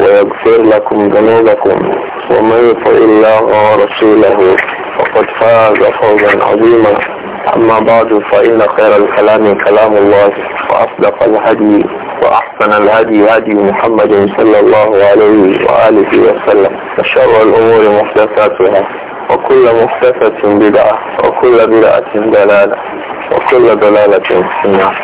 ويغفر لكم ذنوبكم ومن يطع الله ورسوله فقد فاز فوزا عظيما أما بعد فإن خير الكلام كلام الله وأصدق الهدي وأحسن الهدي هدي محمد صلى الله عليه وآله وسلم وشر الأمور محدثاتها وكل محدثة بدعة وكل بدعة دلالة وكل دلالة في النار.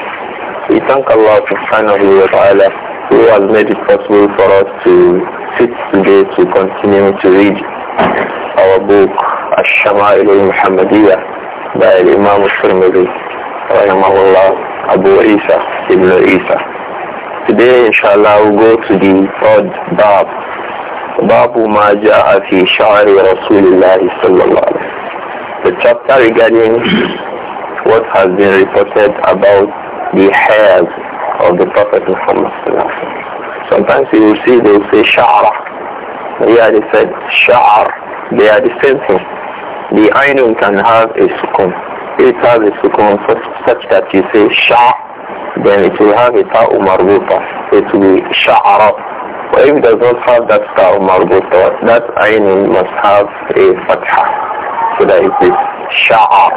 We thank Allah subhanahu wa ta'ala who has made it possible for us to sit today to continue to read our book Ash-Shama'il al-Muhammadiyah by Imam al-Tirmidhi rahimahullah Abu Isa ibn Isa. Today inshallah we'll go to the third bab babu ما جاء في شعر رسول الله صلى The chapter regarding what has been reported about the hairs of the Prophet Muhammad. Sometimes you will see they will say sha'ra. Here they said sha'ar. They are the same thing. The ainun can have a sukun. It has a sukun such, such that you say sha, then it will have a ta'u marbuta. It will be sha'ara. But if it does not have that ta'u marbuta, that ainun must have a fatha. So that it is sha'ar.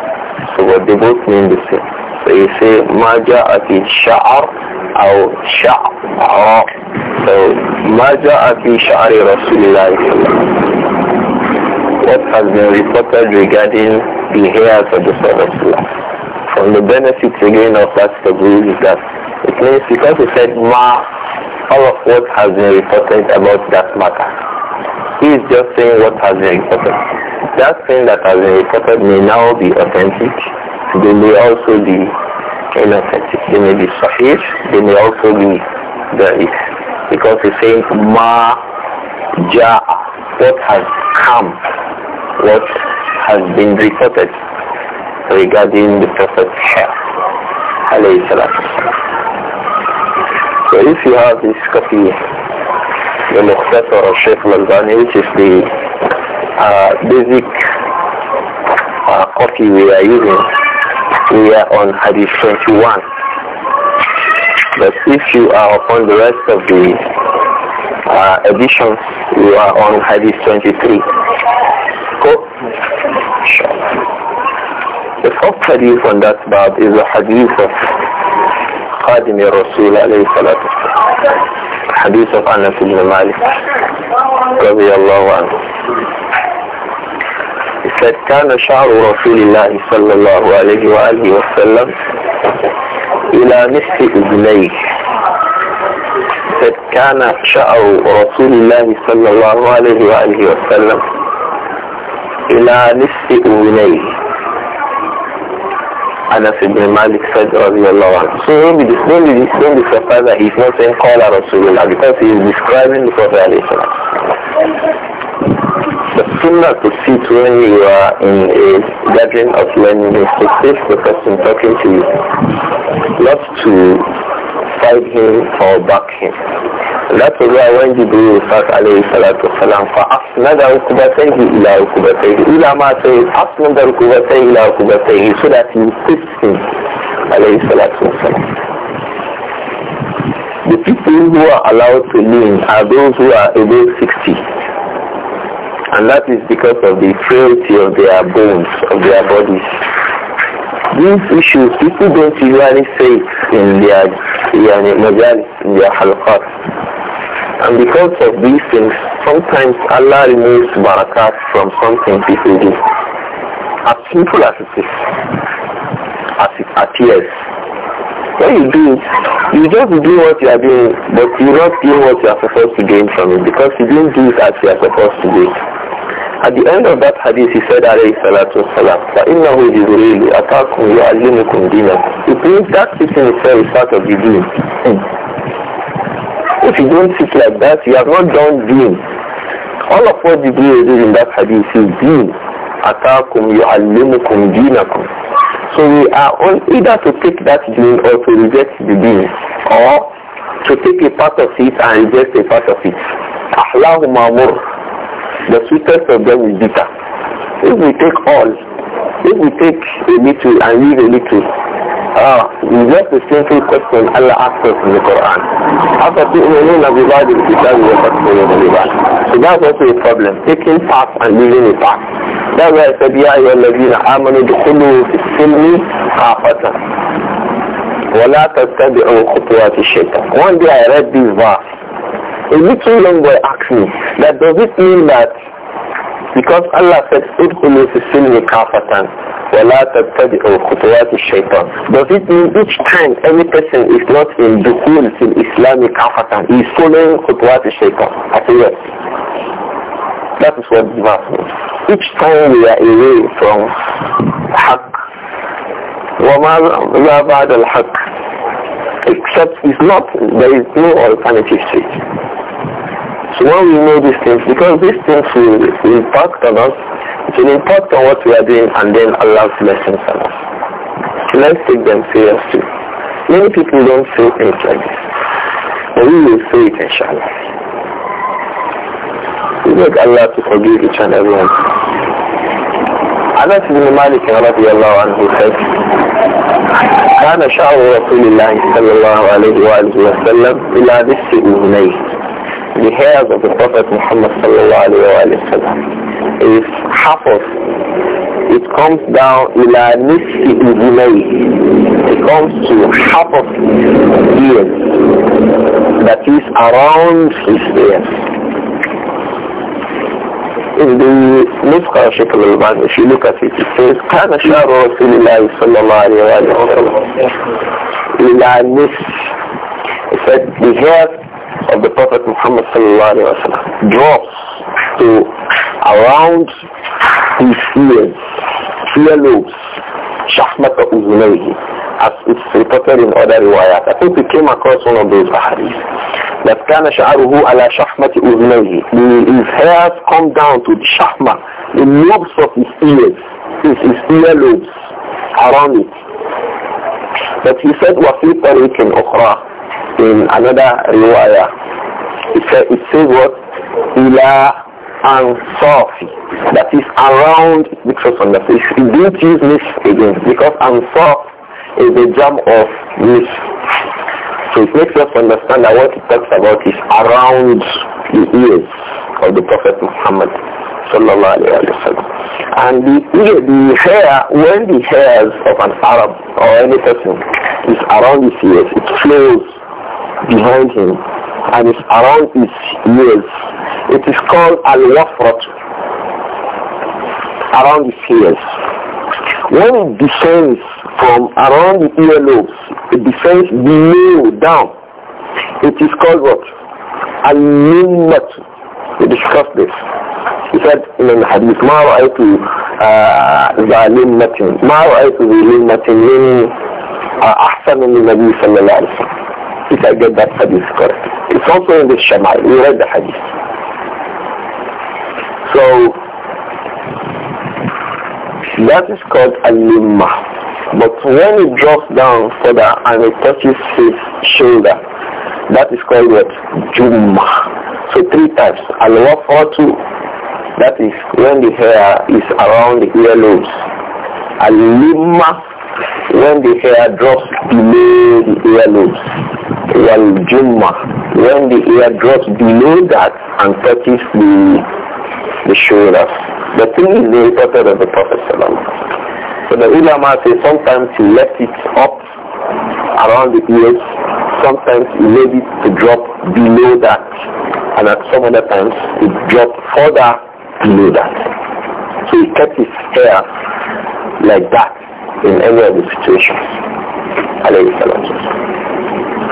So what they both mean the same. So you say Maja Afi Sha'ar or Sha'ar. So Maja Afi Sha'ari Rasulullah What has been reported regarding the hairs of the Prophet From the benefits again of that taboo is that it means because he said Ma, all of what has been reported about that matter. He is just saying what has been reported. That thing that has been reported may now be authentic they may also be inauthentic. They may be sahih. They may also be da'if. Because it's saying ma ja'a. What has come. What has been reported regarding the Prophet's health. So if you have this copy, the Muqtasar of Sheikh which is the uh, basic uh, copy we are using, we are on Hadith 21. But if you are upon the rest of the uh, editions, you are on Hadith 23. Go. The fourth Hadith on that bab is the Hadith of Khadim Rasul alayhi salatu Hadith of Anas ibn Malik. رضي الله عنه said كان شعر رسول الله صلى الله عليه وآله وسلم إلى نصف أذنيه said كان شعر رسول الله صلى الله عليه وآله وسلم إلى نصف أذنيه Anas ibn Malik said radiallahu anhu. So don't be, don't be, don't be surprised that he's not saying call Rasulullah because he is describing the Prophet alayhi salam. The sunnah to sit when you are in a gathering of learning is to the person talking to you, not to fight him or back him. That's why when Jibreel start alayhi salatu wasalam, فَأَفْنَدَ رُكُبَتَيْهِ إِلَى رُكُبَتَيْهِ Ulama says, أَفْنَدَ رُكُبَتَيْهِ إِلَى رُكُبَتَيْهِ so that you fix him, alayhi salatu The people who are allowed to lean are those who are above 60. And that is because of the frailty of their bones, of their bodies. These issues, people don't usually say in their majalis, in their halqat. And because of these things, sometimes Allah removes barakat from something people do. As simple as it is, as it appears. When you do you just do what you are doing, but you not doing what you are supposed to gain from it because you didn't do it as you are supposed to do it. At the end of that hadith, he said, alayhi salatu wasalam, فَإِنَّهُ جِبْرِيلُ أَتَاكُمْ يُعَلِّمُكُمْ دِينَكُمْ It means that sitting itself is part of the deen. If you don't sit like that, you have not done deen. All of what Jibreel did in that hadith is deen. أَتَاكُمْ يُعَلِّمُكُمْ دِينَكُمْ so we are on either to take that deen or to reject the deen, or to take a part of it and reject a part of it. Ahlahuma mur. The sweetest of them is bitter. If we take all, if we take a little and leave a little, Ah, you the a simple question Allah asked us in the Quran. So that's also a problem. Taking fast and leaving it fast. That's why I said, يا أيها الذين آمنوا ادخلوا في السلم كافة ولا تتبعوا خطوات الشيطان. One day I read this verse. A little young boy asked me, that does it mean that because Allah said, ادخلوا في السلم كافة does it mean each time any person is not in dukul in Islamic kafatan, he is following خُطُوَاتِ الشَّيْطَانِ? I say yes. That is what Dimas Each time we are away from haqq, وَمَا بَعْدَ الْحَقِّ Except it's not, there is no alternative to it. So when we know these things, because these things will impact on us, to report on what we are doing and then Allah's blessings on us. Let's take them seriously. Many people don't say things like this. But we will say it inshallah. We beg Allah to forgive each and every one. Anas ibn Malik رضي الله عنه said كان شعر رسول الله صلى الله عليه وآله وسلم إلى ذس أذنيه The hairs of the Prophet Muhammad صلى الله عليه وآله وسلم is of It comes down ila nisfi dinai. It comes to half of ears. That is around his ears. In the Nusqa Sheikh if you look at it, it says, كان شعر رسول الله صلى الله عليه وسلم إلى It said, the hair of the Prophet Muhammad sallallahu alayhi عليه drops to around his ears, earlobes, shahmat uzunayhi, as it's reported in other riwayat. I think we came across one of those ahadith. That kana sha'aruhu ala shahmati uzunayhi. His hairs come down to the shahma, the lobes of his ears, his, his earlobes around it. But he said, وَفِي طَرِيقٍ أُخْرَى in another riwayah. He said it says what? إِلَى and soft, That is around, the was on the face. It didn't use this again because "soft" is the jam of this. So it makes us understand that what it talks about is around the ears of the Prophet Muhammad. And the ear, the hair, when the hairs of an Arab or any person is around his ears, it flows behind him and it's around his ears. It is called al-wafrat, around his ears. When it descends from around the earlobes, it descends below, down. It is called what? Al-mimmat. We discussed this. He said in the hadith, ما رأيت ذا لمة ما رأيت ذي لمة من أحسن من النبي صلى الله عليه وسلم if I get that hadith correct. It's also in the Shamal. We read the hadith. So, that is called al-limma. But when it drops down further and it touches his shoulder, that is called what? Jumma. So three times. Al-wafatu, that is when the hair is around the earlobes. Al-limma, when the hair drops below the earlobes, while jumma, when the hair drops below that and touches the, the shoulders. The thing is the reported of the Prophet So the ulama say sometimes he left it up around the ears, sometimes he made it to drop below that, and at some other times it dropped further below that. So he kept his hair like that in any of the situations. عليه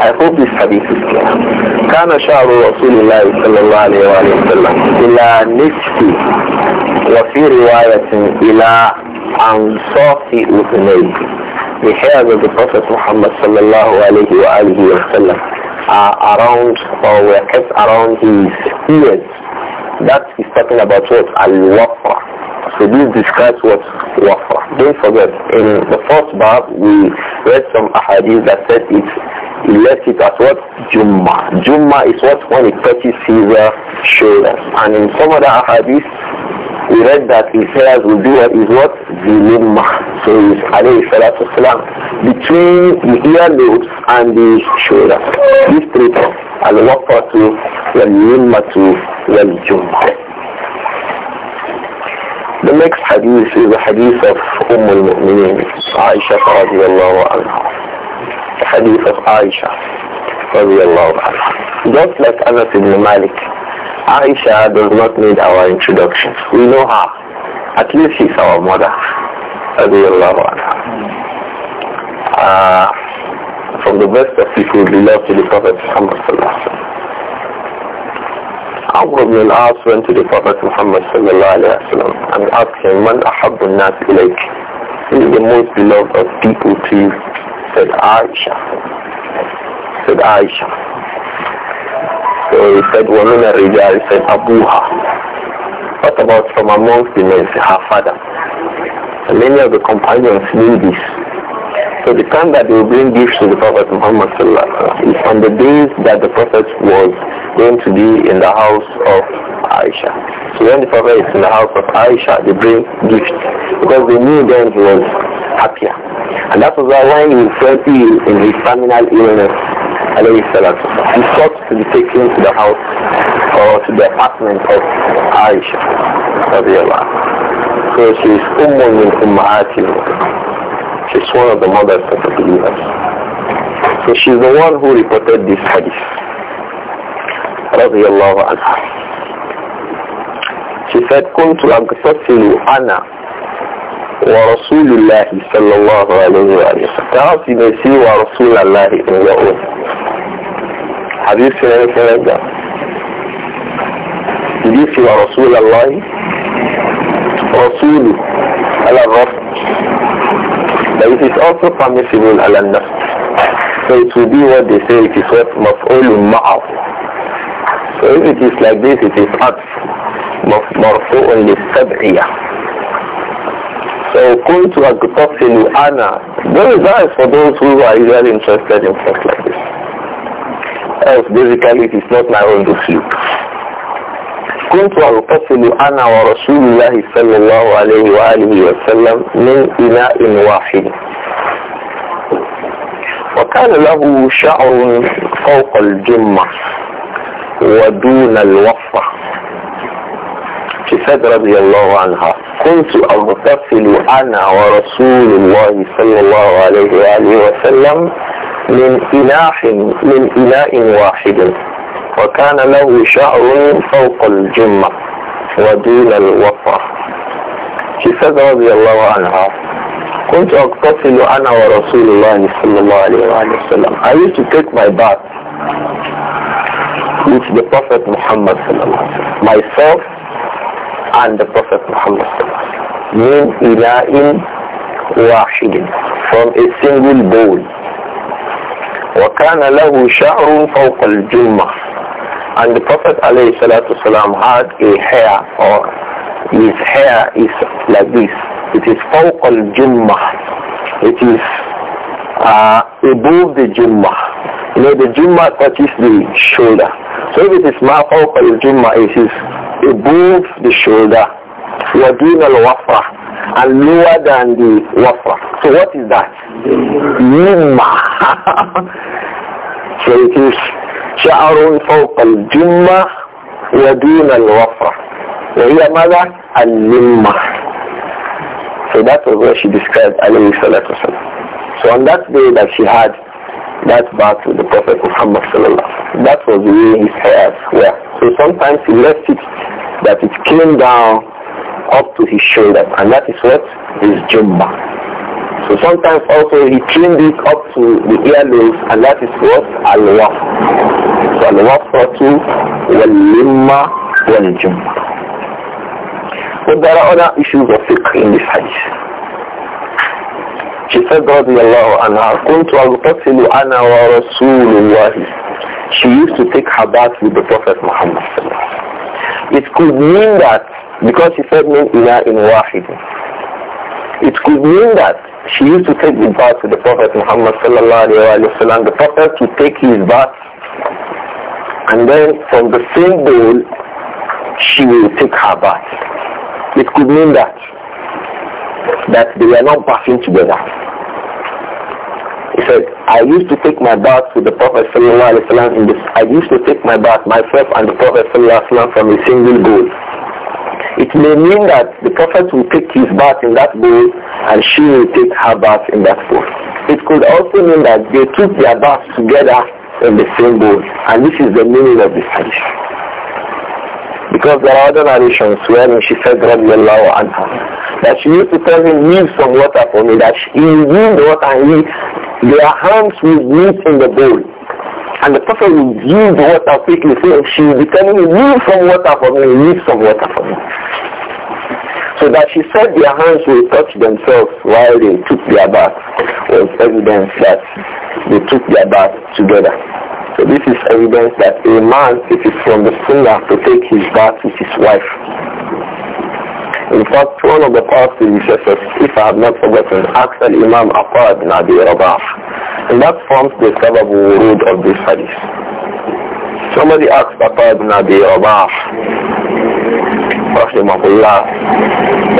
I hope this hadith is clear. كان شعر رسول الله صلى الله عليه وآله وسلم إلى نصف وفي رواية إلى أنصاف أذنيه. The hair of the Prophet Muhammad صلى الله عليه وآله وسلم are around or were kept around his ears. That is talking about what? Al-Waqa. So this describes what wafa. Don't forget, in the first bab, we read some ahadith that said it, left it as what? Jumma. Jumma is what when it touches his shoulders. And in some other ahadith, we read that his hairs will do what is what? Zilimma. So it's alayhi salatu salam. Between the earlobes and the shoulder. These three things. Al-Wafa to, Wal-Yimma to, Wal-Jumma. The next hadith is the hadith of Umm al-Mu'mineen, Aisha radiallahu anha. The hadith of Aisha radiallahu anha. Just like Anas ibn Malik, Aisha does not need our introduction. We know her. At least she's our mother radiallahu anha. Uh, from the best of people, love to the Prophet Muhammad sallallahu alaihi wasallam. Amr ibn al-As went to the Prophet Muhammad sallallahu alayhi wa sallam and asked him, Man ahabbu nas ilayk? Who is the most beloved of people to you? Said Aisha. Said Aisha. So he said, Woman al-Rijal said Abuha. What about from amongst the men? Her father. And many of the companions knew this. So the time that they will bring gifts to the Prophet Muhammad is on the days that the Prophet was going to be in the house of Aisha. So when the Prophet is in the house of Aisha, they bring gifts because they knew then he was happier. And that was why when he fell ill in his terminal illness, alayhi salatu, he sought to be taken to the house or to the apartment of Aisha. So she is Ummul min Ummahatil She's one of the mothers of the believers. So she's the one who reported this hadith. رضي الله عنها. She said, كنت أغتسل أنا ورسول الله صلى الله عليه وسلم. Perhaps you may see ورسول الله in your own. Have you seen anything like that? Did you see ورسول الله? رسول على الرفض but it is also permissible ala nafs. So it will be what they say, it is what maf'ulun ma'af. So if it is like this, it is at only li-sab'iyah. So group أقتتل أنا Very nice for those who are really interested in stuff like this. Else basically it is not my own dispute. كنت أغتسل أنا ورسول الله صلى الله عليه وآله وسلم من إناء واحد وكان له شعر فوق الجمة ودون الوفة كساد رضي الله عنها كنت أغتسل أنا ورسول الله صلى الله عليه وآله وسلم من إناء من إناء واحد وكان له شعر فوق الجمة ودون الوفا She said رضي الله عنها كنت أقتصل أنا ورسول الله صلى الله عليه وسلم I used to take my bath with the Prophet Muhammad صلى الله عليه وسلم myself and the Prophet Muhammad صلى الله عليه وسلم من إناء واحد from a single bowl وكان له شعر فوق الجمة And the Prophet alayhi had a hair or his hair is like this. It is fawq al-jummah. It is uh, above the jummah. You know, the jummah touches the shoulder. So if it is ma fawq al-jummah, it is above the shoulder. Wadin al-wafa and lower than the wafa. So what is that? Yumma. so it is شعر فوق الجمة ودون الوفرة وهي ماذا؟ اللمة So that was what she described الصلاة والسلام So on that day that she had that bath with the Prophet Muhammad وسلم that was the way his hairs were. So sometimes he left it that it came down up to his shoulder and that is what is jumbah. So sometimes also he trimmed it up to the earlobe and that is what? Al-Waf. So al two, wal-Limma wal-Jum. But there are other issues of fiqh in this hadith. She said, رضي الله عنها, كنت أغتسل أنا ورسول الله. She used to take her bath with the Prophet Muhammad. It could mean that, because she said, من إله واحد. It could mean that she used to take the bath with the Prophet Muhammad sallallahu alayhi wa sallam. The Prophet would take his bath and then from the same bowl she will take her bath. It could mean that that they were not bathing together. He said, I used to take my bath with the Prophet sallallahu alayhi wa sallam. I used to take my bath myself and the Prophet sallallahu alayhi wa sallam from a single bowl. It may mean that the prophet will take his bath in that bowl and she will take her bath in that bowl. It could also mean that they took their bath together in the same bowl. And this is the meaning of this hadith. Because there are other narrations where she said, radiallahu anha, that she used to tell him, leave some water for me, that she, he will the water and he, their hands will meet in the bowl. And the person will give the water quickly, So she will be telling me, leave some water for me, leave some water for me. So that she said their hands will touch themselves while they took their bath was evidence that they took their bath together. So this is evidence that a man, it is from the sunnah to take his bath with his wife. In fact, one of the past researchers, if I have not forgotten, asked Imam Afar ibn Abi Rabah. And that forms the sababu root of this hadith. Somebody asked Afar ibn Abi Rabah, Rahimahullah,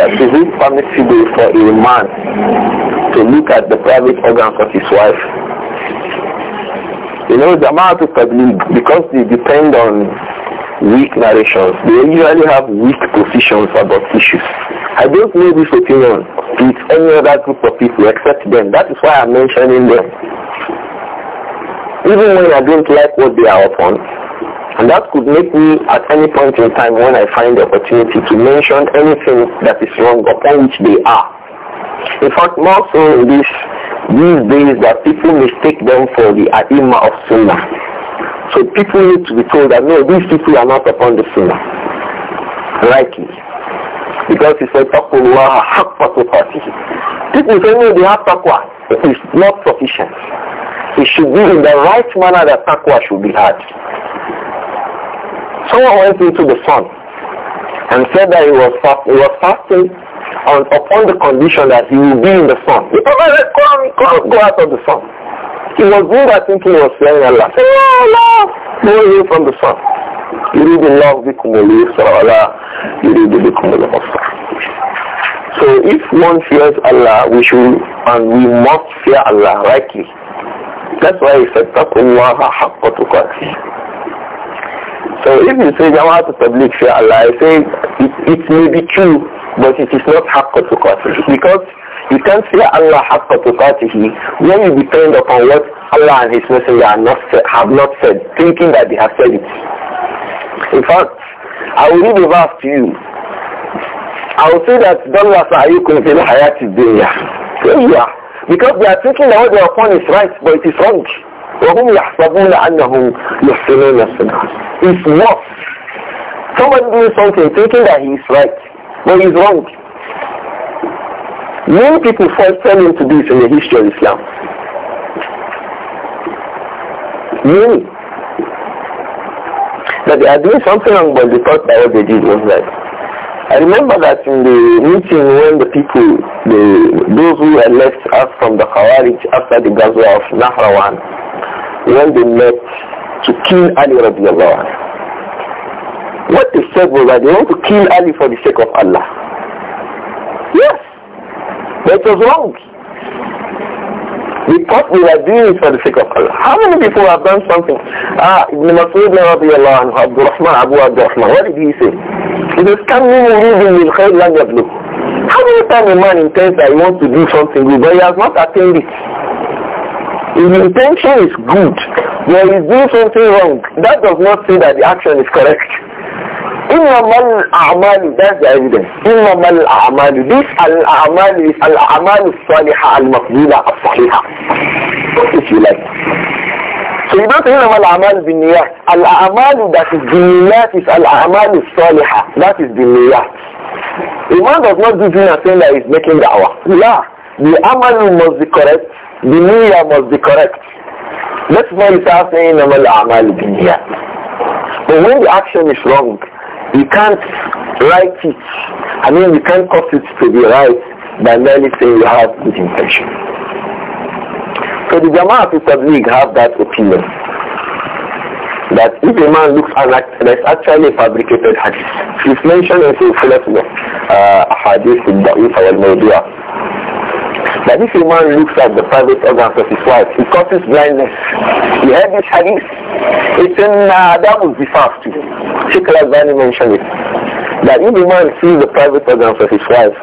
that is it permissible for a man to look at the private organs of his wife? You know, the amount of public, because they depend on weak narrations. They usually have weak positions about issues. I don't know this opinion with any other group of people except them. That is why I'm mentioning them. Even when I don't like what they are upon, and that could make me at any point in time when I find the opportunity to mention anything that is wrong upon which they are. In fact, more so in this, these days that people mistake them for the ai of Sunnah. So people need to be told that no, these people are not upon the scene, Rightly. Because he said, Taqullah haqqa tuqatihi. People say, no, they have taqwa. It is not sufficient. It should be in the right manner that takwa should be had. Someone went into the sun and said that he was, fast, he was fasting on, upon the condition that he will be in the sun. The said, come, come, go out of the sun. He was good at thinking he was fearing Allah. Say, no, no. No away from the sun. You need the love يريد الله بكم اليسر ولا يريد بكم العسر. So if one fears Allah, we should and we must fear Allah rightly. That's why he said, تَقُوا اللَّهَ حَقَّ تُقَاتِهِ so if you say to Tabligh fear Allah, I say it, it may be true, but it is not haqqa to because you can't fear Allah haqqa tuqatihi when you depend upon what Allah and His Messenger not, have not said, thinking that they have said it. In fact, I will read a verse to you. I will say that Dalla sa'ayukum fil hayati dunya. Yeah. Because they are thinking that what they are upon is right, but it is wrong. وهم يحسبون أنهم يحسنون الصنع. It's not. Someone doing something thinking that he is right, but he is wrong. Many people fall, fall into this in the history of Islam. Many. That they are doing something wrong, but they thought that what they did was right. I remember that in the meeting when the people, the, those who had left us from the Khawarij after the Gaza of Nahrawan, when they met to kill Ali radiallahu What they said was that they want to kill Ali for the sake of Allah. Yes. That was wrong. We thought we were doing it for the sake of Allah. How many people have done something? Ah, Ibn Masud Allah and Abdul Rahman, Abu Rahman, what did he say? It is coming living with khayr lan yablu. How many times a man intends that he wants to do something good, but he has not attained it? His intention is good, but doing something wrong. That does not say that the action is correct. إنما الأعمال ده زي ده إنما الأعمال دي الأعمال الأعمال الصالحة المقبولة الصحيحة سيدات إنما الأعمال بالنيات الأعمال ذات الدنيات الأعمال الصالحة ذات الدنيات A man does not do zina saying that he's making da'wah. La. The amal must be correct. The niyyah must be correct. That's why it's saying amal amal bin But when the action is wrong, You can't write it. I mean, you can't cause it to be right by merely saying you have good intention. So the Jama'at Tabligh have that opinion that if a man looks at that's actually a fabricated hadith. It's mentioned in Sulfullah uh, Hadith in the al that if a man looks at the private organs of his wife, he causes blindness. You heard this hadith? It's in, uh, that was the fasting. Sheikh Al-Albani mentioned it. That if a man sees the private organs of his wife,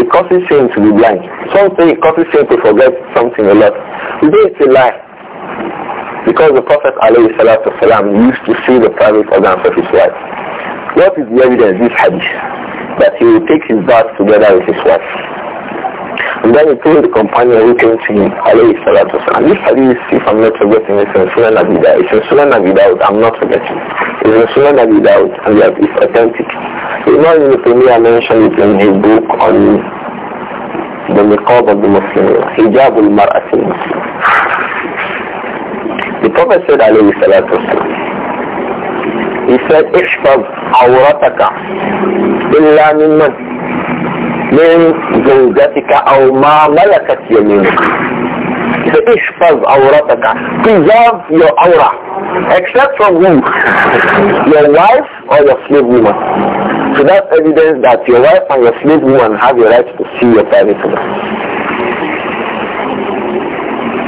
it causes him to be blind. Something it causes him to forget something a lot. Today it's a lie. Because the Prophet ﷺ used to see the private organs of his wife. What is the evidence? This hadith. That he will take his bath together with his wife. And then he told the companion who came to him, alayhi salatu wasalam. This hadith, if I'm not forgetting, is in Sunan Abi Dawud. It's in Sunan Abi Dawud, I'm not forgetting. It's in Sunan Abi Dawud, and that is authentic. Imam Ibn Taymiyyah mentioned it in his book on the niqab of the Muslim, hijab al-mar'at al-Muslim. The Prophet said, alayhi salatu wasalam, he said, اشفظ عورتك إلا من من من زوجتك أو ما ملكت يمينك احفظ عورتك preserve your aura except from who your wife or your slave woman so that's evidence that your wife and your slave woman have the right to see your private woman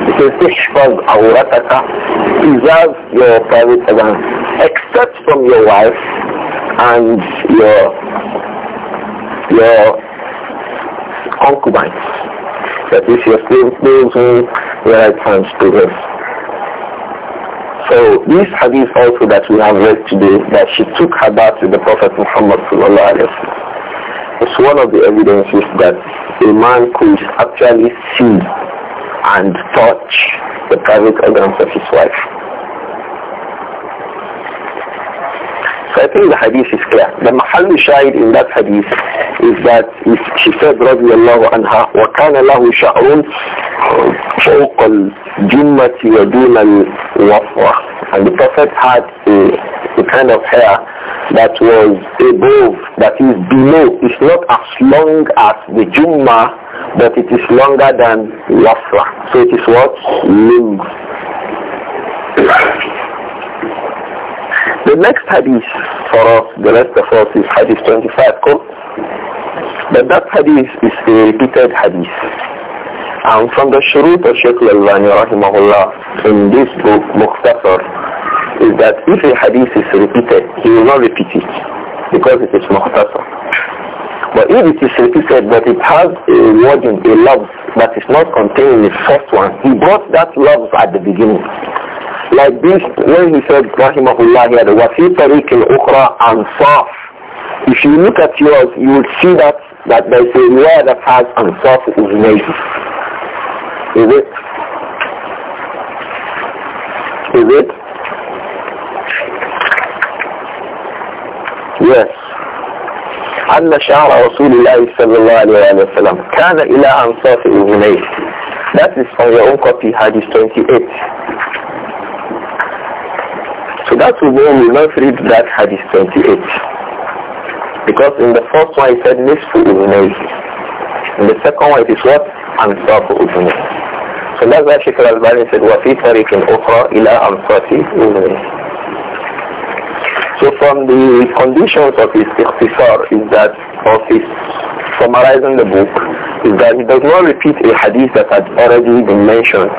it says احفظ عورتك preserve your private woman except from your wife and your your concubines. That is, your slave those who were hands to him. So this hadith also that we have read today, that she took her bath with the Prophet Muhammad sallallahu alaihi wasallam, is one of the evidences that a man could actually see and touch the private organs of his wife. So I think the hadith is clear. The mahal shahid in that hadith is that if she said رضي الله عنها وكان له شعر فوق الجمة ودون الوفرة and the Prophet had a, a kind of hair that was above, that is below. It's not as long as the Jumma, but it is longer than Wafra. So it is what? Limb. The next hadith for us, the rest of us, is hadith 25. But that hadith is a repeated hadith. And from the shurut of Shaykh al-Albani rahimahullah in this book, Muqtasar, is that if a hadith is repeated, he will not repeat it because it is Muqtasar. But if it is repeated but it has a word in a love that is not contained in the first one, he brought that love at the beginning. Like this, when he said, Rahimahullah, he had وَفِي طَرِيقِ الْأُخْرَى أَنْصَافٍ If you look at yours, you will see that, that there is a word that has أَنْصَافُ أُذْنَيْهِ Is it? Is it? Yes. أن شعر رسول الله صلى الله عليه وسلم كان إلى أنصاف أذنيه That is from your own copy, Hadith 28. So that will mean we will not read that hadith 28. Because in the first one it said Nisfu Ubunay. In the second one it is what? Ansafu Ubunay. So that's why Sheikh Al-Albani said, وَفِي طَرِيقٍ أُخْرَى ila أَنْصَافِ أُبُنَيْهِ so from the conditions of his ikhtisar is that, of his summarizing the book, is that he does not repeat a hadith that had already been mentioned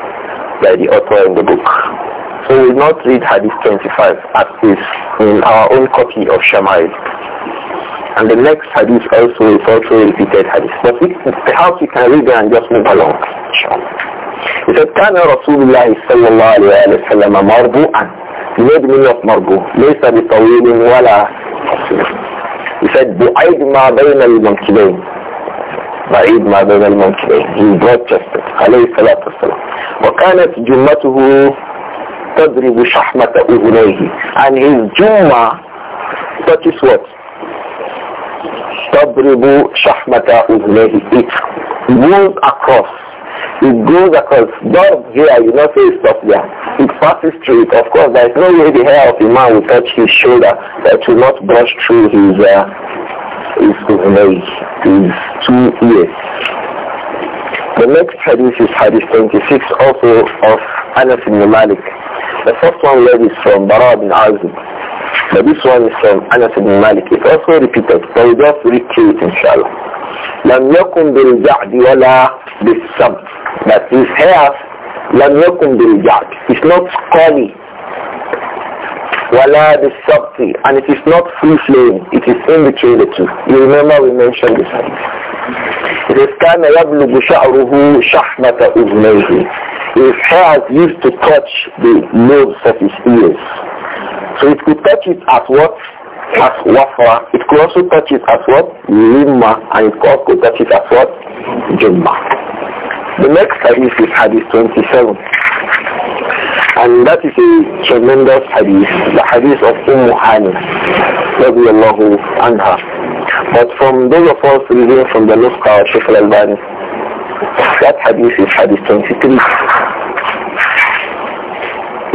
by the author in the book. So we will not read Hadith 25 at this in our own copy of Shama'il. And the next Hadith also is also repeated Hadith. But we, perhaps we can read it and just move along. He said, كان رسول الله صلى الله عليه وسلم مربوعا يدمن مربوع ليس بطويل ولا He said, بعيد ما بين المنكبين بعيد ما بين المنكبين He brought justice عليه الصلاة والسلام وكانت جمته and his Jummah touches what? تضرب شحمة أذنيه it goes across it goes across Dorb here you know say stop there it passes through it of course there is no way the hair of a man will touch his shoulder that will not brush through his uh, his, his, his two ears the next hadith is hadith 26 also of Anas ibn Malik. The first one read is from Bara bin Azib. But this one is from Anas ibn Malik. It's also repeated, so we just repeat it inshallah. لم يكن بالجعد ولا بالسبت. That his hair لم يكن بالجعد. It's not scaly, ولا بالسبت. And it is not free flowing. It is in between the two. You remember we mentioned this hadith. إذ كان يبلغ شعره شحمة أذنيه His hair used to touch the lobes of his ears. So it could touch it as what? As wafra. It could also touch it as what? Limma. And it could also touch it as what? Jumma. The next hadith is hadith 27. And that is a tremendous hadith. The hadith of Umm Hani. رضي الله عنها. But from those of us reading from the Nuskha of Sheikh al-Albani, that hadith is hadith 23.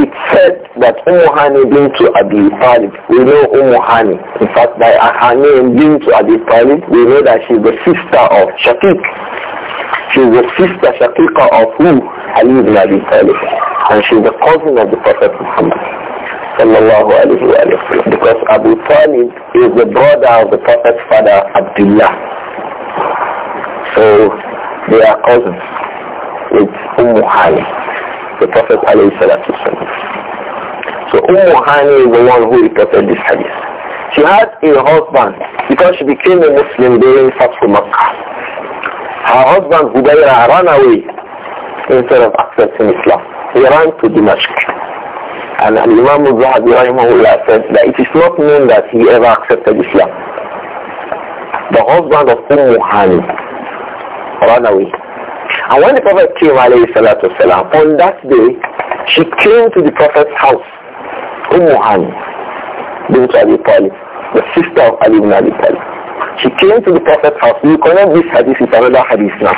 It said that Umm Hani being to Abi Talib, we know Umm Hani. In fact, by her name being to Abi Talib, we know that she's the sister of Shaqiq. is the sister Shaqiqa of who? Ali ibn Abi Talib. And she's the cousin of the Prophet Muhammad sallallahu alayhi wa because Abu Talib is the brother of the Prophet's father Abdullah. So they are cousins with Umm Hani, the Prophet alayhi salatu So Umm Hani is the one who reported this hadith. She had a husband because she became a Muslim during Fathu Makkah. Her husband Hubayra ran away instead of accepting Islam. He ran to Damascus. And, and Imam al-Zahabi rahimahullah said that it is not known that he ever accepted Islam. The husband of Umm Hani ran away. And when the Prophet came, alayhi salatu wasalam, on that day, she came to the Prophet's house, Umm the bint Abi Talib, the sister of Ali ibn Abi Talib. She came to the Prophet's house. You cannot this hadith with another hadith now.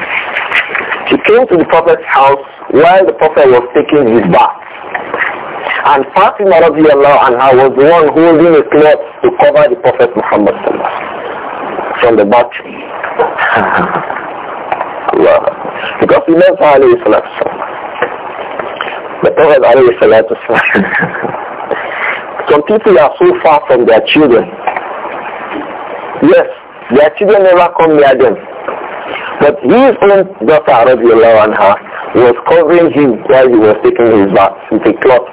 She came to the Prophet's house while the Prophet was taking his bath. And Fatima radiallahu anha was the one holding a cloth to cover the Prophet Muhammad from the back. Allah. Because he meant alayhi salatu The Prophet alayhi salatu Some people are so far from their children. Yes, their children never come near them. But his own daughter, radiallahu anha, was covering him while he was taking his bath with a cloth.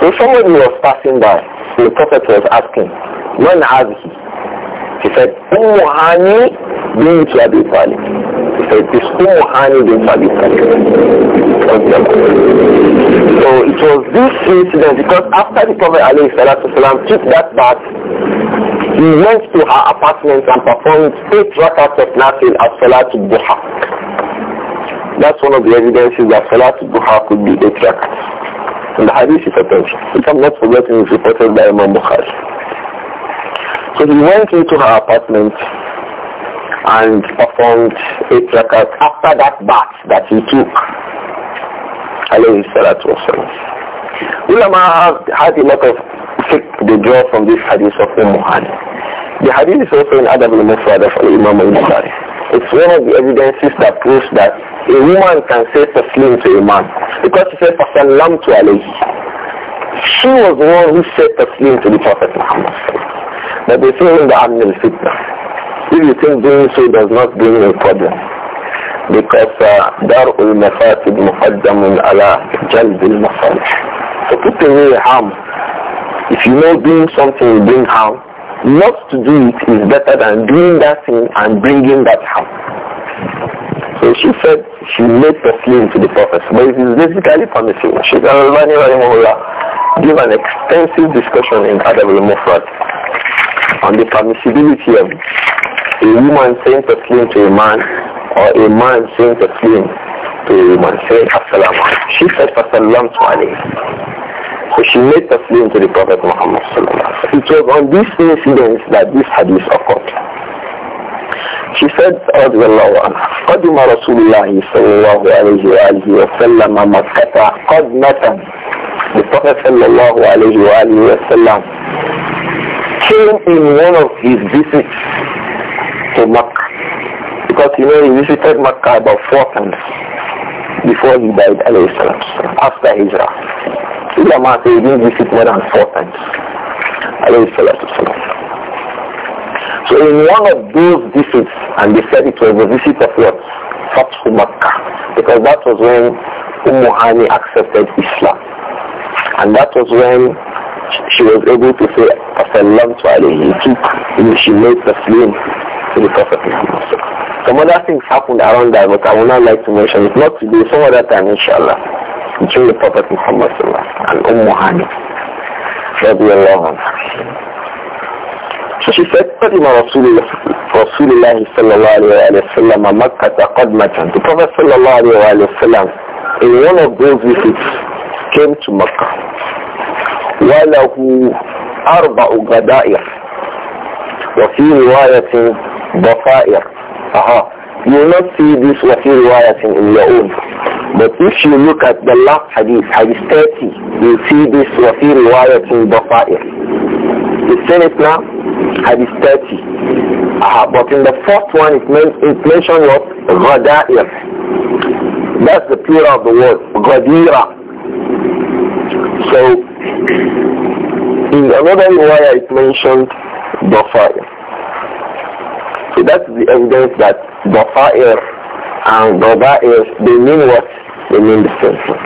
So somebody was passing by. The Prophet was asking, when has He said, Ummu Hani bint Abi Talib. He said, this Ummu Hani bint Abi Talib. So it was this incident because after the Prophet Ali والسلام, took that bath, he went to her apartment and performed eight rakats of Nafil at Salatul Duha. That's one of the evidences that Salatul Duha could be eight rakats. And the hadith is attention, which I'm not forgetting is reported by Imam Bukhari. So he went into her apartment and performed a prayer. after that bath that he took. Alayhi salatu wasalam. Ulama had a lot of fiqh they draw from this hadith of Imam umm Hani. The hadith is also in Adab al-Mufrad of Imam al-Bukhari. It's one of the evidences that proves that a woman can say taslim to a man. Because she said, lam to alayhi. She was the one who said taslim to the Prophet Muhammad. But they say in the Amnil Fitna. If you think doing so does not bring a problem. Because دَرْءُ Allah. مُقَدَّمٌ عَلَى جَلْبِ الْمَصَالِحِ So put away harm. If you know doing something will bring harm, not to do it is better than doing that thing and bringing that harm. So she said she made claim to the Prophet. But it is basically permissible. She al Al-Albani gave an extensive discussion in Adab al-Mufrad on the permissibility of a woman saying claim to a man or a man saying claim to a woman saying assalamu She said, Fasallam to so she made Taslim to the Prophet Muhammad It was on these incidents that this hadith occurred. She said, رضي الله عنه قدم رسول الله صلى الله عليه وآله وسلم مكة قدمة The Prophet صلى الله عليه وآله وسلم came in one of his visits to Makkah because you know he visited Makkah about four times before he died, after Hijrah. Ulama say he didn't visit more than four times. So in one of those visits, and they said it was a visit of what? Fathu Makkah. Because that was when Umm Hani accepted Islam. And that was when she was able to say, Asallam to Ali. She made the Muslim to the Prophet Muhammad. Some other things happened around that, but I would not like to mention it. Not today, some other time, inshallah. Between the Prophet Muhammad and Umm Hani. So she said, قدم رسول رسول الله صلى الله عليه وسلم مكة قدمة. The Prophet صلى الله عليه وسلم in one of those visits came to Mecca. وله أربع غدائر وفي رواية Bafair. Uh-huh. You will not see this Wafi riwayat in, in your own. But if you look at the last hadith, hadith 30, you see this Wafi riwayat in Bafair. You seen it now? Hadith 30. Uh, but in the first one, it, men- it mentioned what? Ghadair. That's the plural of the word. Ghadira. So, in another riwayah, it mentioned Bafair. So that's the evidence that Dafa'ir and Daba'ir, they mean what? They mean the same thing.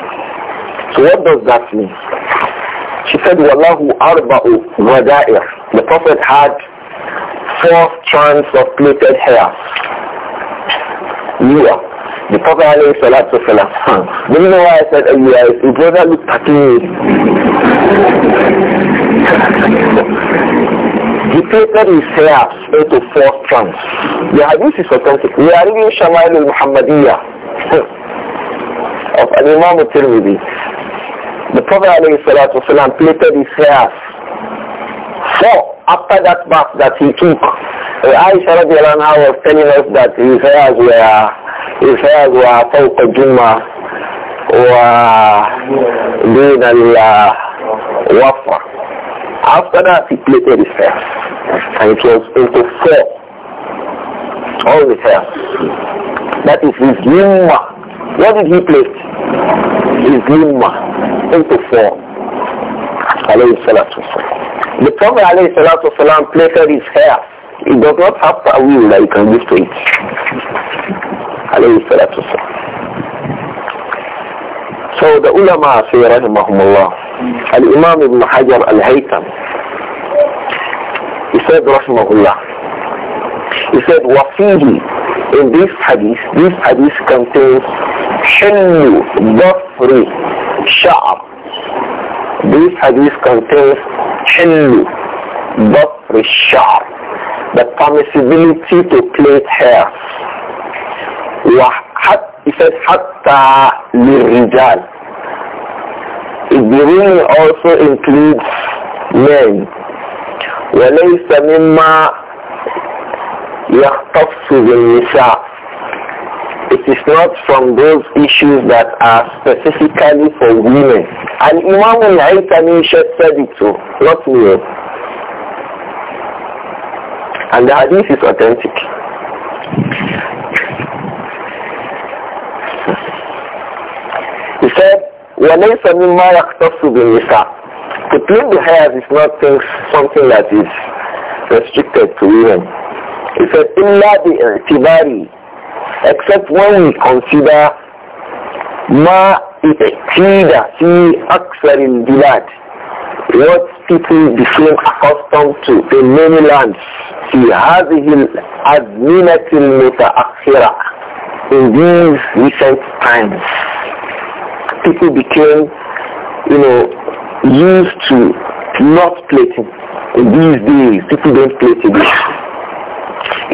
So what does that mean? She said, Wallahu arba'u wada'ir. The Prophet had four strands of plaited hair. Ewa. The Prophet alayhi salatu salam. Do you know why I said Ewa? His brother looked at me. depicted his hair into four strands. The hadith is authentic. We are reading Shama'il al-Muhammadiyah of Al-Imam al-Tirmidhi. The Prophet والسلام, plaited his hair So, after that bath that he took. Aisha was telling us that his hairs were his hairs were فوق الجمة ودون الوفر after that he plaited his hair. and it was into four. All the hair. That is his limma. What did he place? His limma into four. Alayhi salatu The Prophet alayhi salatu wasalam plaited his hair. he does not have a will that he can do to it. Alayhi salatu So the ulama say rahimahumullah, Al-Imam Ibn Hajar Al-Haytham, said, Rasulullah. he said, Wafihi, in this hadith, this hadith contains Hinyu, dafri, Sha'ab. This hadith contains Hinyu, dafri, Sha'ab. The permissibility to plait hair. He said, Hatta lirijal. It really also includes men وليس مما يختص بالنساء it is not from those issues that are specifically for women. And Imam al-Haytami said it too, not me. And the hadith is authentic. He said, وَلَيْسَ مِمَّا يَخْتَصُ بِالنِّسَاءِ to plait the hairs is not something that is restricted to women. He said, إِلَّا tibari, Except when we consider ما اعتيد fi أكثر bilad. what people became accustomed to in many lands has هذه الأزمنة المتأخرة in these recent times people became you know used to not plating. In these days, people don't play again.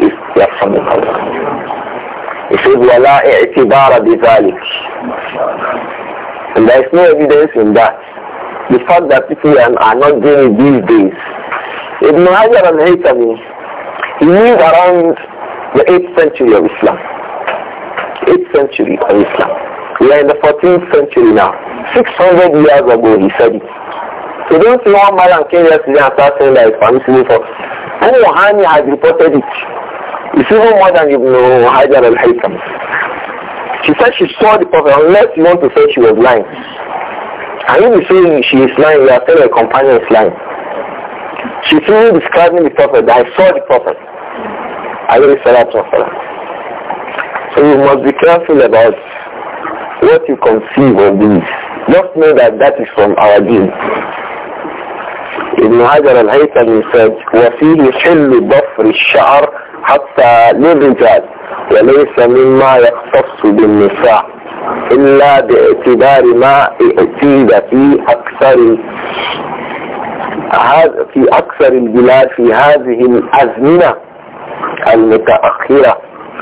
If they are from the Quran. It says, وَلَا اِعْتِبَارَ And there is no evidence in that. The fact that people are not doing it these days. Ibn Hajar al-Haytami, he lived around the 8th century of Islam. 8th century of Islam. We are in the 14th century now. 600 years ago he said it. You don't see one man came yesterday and started saying that it's permissible for. Abu Hani has reported it. It's even more than you Ibn Hajar al-Haytham. She said she saw the Prophet unless you want to say she was lying. And if you say she is lying, you are telling her companion is lying. She's really describing the Prophet. I saw the Prophet. saw that prophet. So you must be careful about what you conceive of these. Just know that that is from our deen. ابن هجر الهيثمي فاج وفيه حل ضفر الشعر حتى للرجال وليس مما يختص بالنساء إلا باعتبار ما اعتيد في أكثر في أكثر البلاد في هذه الأزمنة المتأخرة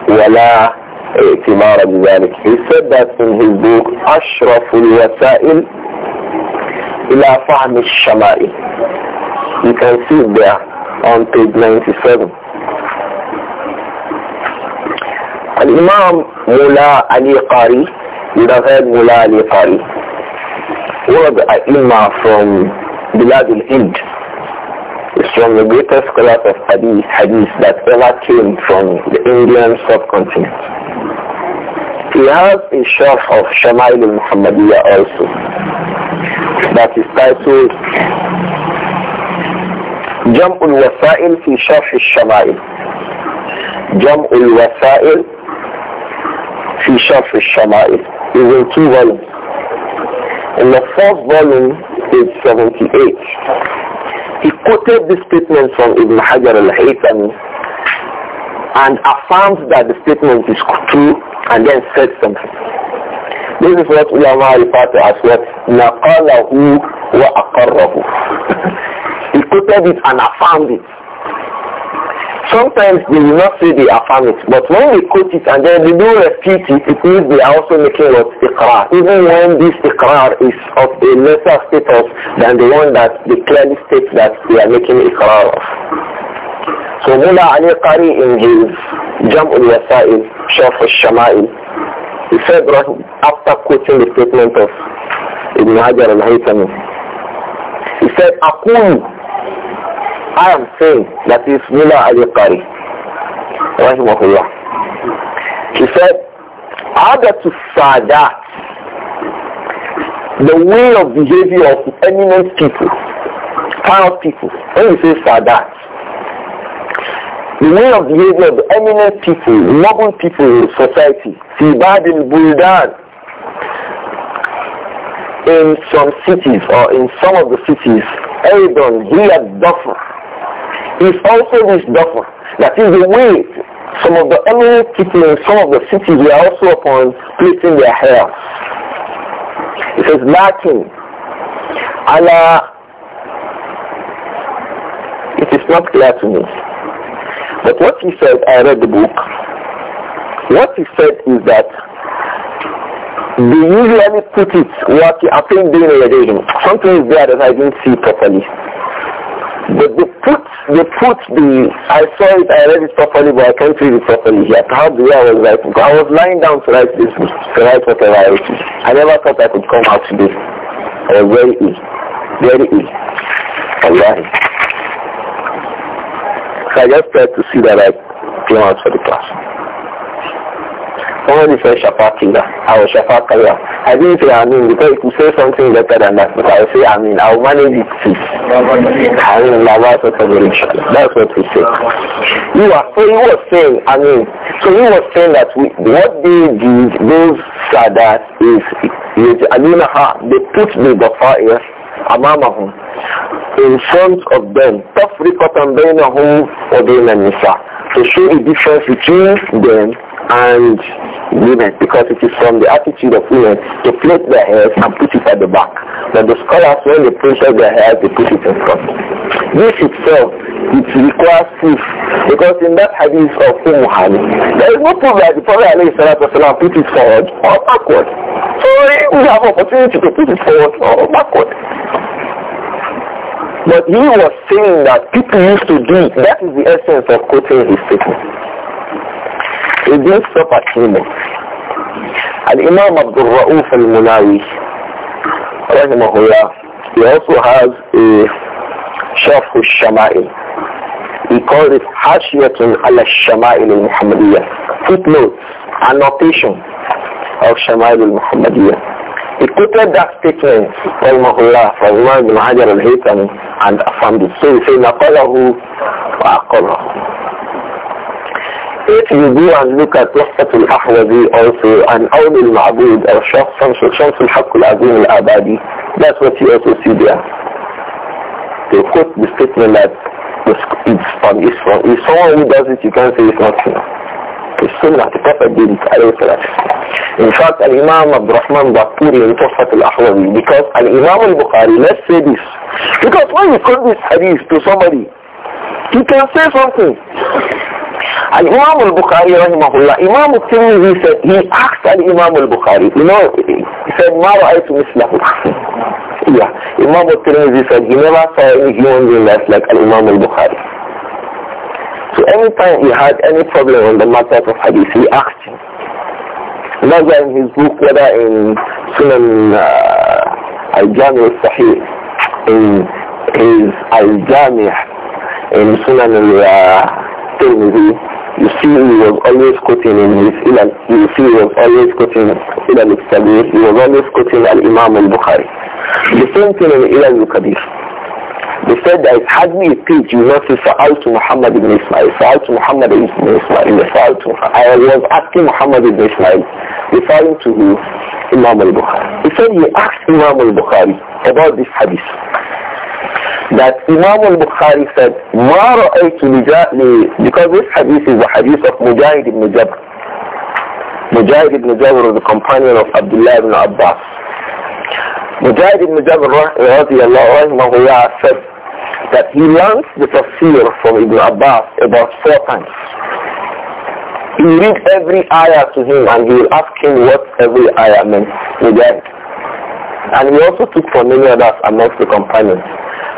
ولا اعتبار بذلك. He said that in his book أشرف الوسائل إلى فهم الشمائل You can see it there on page 97. Al-Imam Mulla Ali Qari, you have heard Mullah Ali Qari, was a imam from Bilad al-Hind. from the greatest scholars of hadith, hadith that ever came from the Indian subcontinent. He has a shot of Shamail al-Muhammadiyah also that is titled جمع الوسائل في شرح الشمائل جمع الوسائل في شرح الشمائل is in two volumes in the fourth volume page 78 he quoted this statement from Ibn Hajar al-Haythami and affirmed that the statement is true and then said something this is what ulama referred to as what naqalahu wa aqarrahu. He quoted it and affirmed it. Sometimes they will not say they affirm it, but when they quote it and then they do repeat it, it means they are also making what iqrar. Even when this iqrar is of a lesser status than the one that they clearly state that they are making iqrar of. So Mullah Ali Qari in his Jam al-Wasail, al-Shama'il, he said after quoting the statement of Ibn Hajar al-Haythami, he said, I am saying that is if al-Qari rahimahullah. He said, Adat Sadat, the way of behavior of eminent people, proud people, when you say Sadat, the way of behavior of the eminent people, noble people in society, Sibad in Buldan, in some cities or in some of the cities, Eidon, had Duffer, is also this Duffer. That is the way some of the eminent people in some of the cities were also upon placing their hair. It says, Latin, Allah, it is not clear to me. But what he said, I read the book, what he said is that they usually put it, what I think doing irrigation, something is there that I didn't see properly. But they put, they put the, I saw it, I read it properly, but I can't read it properly here. How do I was writing? I was lying down to write this, to write whatever I wrote. I never thought I could come out today. I was very ill. Very ill. Allah. So I just tried to see that I came out for the class. Someone is saying Shafakila. I was Shafakila. I didn't say I mean because if you say something better than that, but I will say I mean I will manage it too. I mean Lava That's what we say. You are so he was saying, I mean so he was saying that we, what they did, those Sadat is, is know mean, uh-huh, they put the Gafar amamahum in front of them tafriqatan bainahum wa bain an-nisa to show the difference between them and women because it is from the attitude of women to plait their hair and put it at the back. But the scholars, when they pressure their hair, they put it in front. This itself, it requires proof because in that hadith of Muhammad, umm there is no proof that the Prophet to put it forward or backward. So we have opportunity to put it forward or backward. But he was saying that people used to do it. That is the essence of quoting his statement. He didn't stop at humans. Al-Imam Abdul Ra'uf al-Munawi, rahimahullah, he also has a Sharf al-Shama'il. He called it Hashiyatun ala al-Shama'il al-Muhammadiyah. Footnotes, annotation of Shama'il al-Muhammadiyah. He quoted that statement, Rahimahullah, from Imam ibn Hajar al-Haytham and affirmed it. So he said, نَقَلَهُ وَأَقَلَهُ If you go and look at Tuhfat al-Ahwazi also and Awd al-Ma'bud or Shams al-Haq al-Azim al-Abadi, that's what you also see there. They quote the statement that it's from Islam. If someone who does it, you can't say it's not Sunnah. It's Sunnah, the Prophet did it, In fact, Al-Imam Abdurrahman Bakuri in Tuhfat al-Ahwazi, because Al-Imam al-Bukhari, let's say this, because when you quote this hadith to somebody, he can say something. Imam al-Bukhari, rahimahullah, Imam al-Tirmidhi said, he asked al-Imam al-Bukhari, you know, he said, مَا رَأَيْتُ mislahu. Yeah, Imam al-Tirmidhi said, he never saw any human being less like al-Imam al-Bukhari. So anytime he had any problem on the matter of hadith, he asked him. Whether in his book, whether in Sunan uh, al-Jami al-Sahih, in his al-Jami, in Sunan al Tirmidhi, you see he was always quoting in his Ilal, you see he was always quoting Ilal al-Kabir, he was always quoting al-Imam al-Bukhari. The same thing in the al-Kabir. They said that Hadith hardly you not say Sa'al to Muhammad ibn Ismail, Sa'al to Muhammad ibn Ismail, Sa'al to I was asking Muhammad ibn Ismail, referring to who? Imam al-Bukhari. He said he asked Imam al-Bukhari about this hadith that Imam al-Bukhari said, ما رأيت because this hadith is the hadith of Mujahid ibn Jabr. Mujahid ibn Jabr was the companion of Abdullah ibn Abbas. Mujahid ibn Jabr said that he learned the tafsir from Ibn Abbas about four times. He read every ayah to him and he will ask him what every ayah meant. Mujahid. And he also took from many others amongst the companions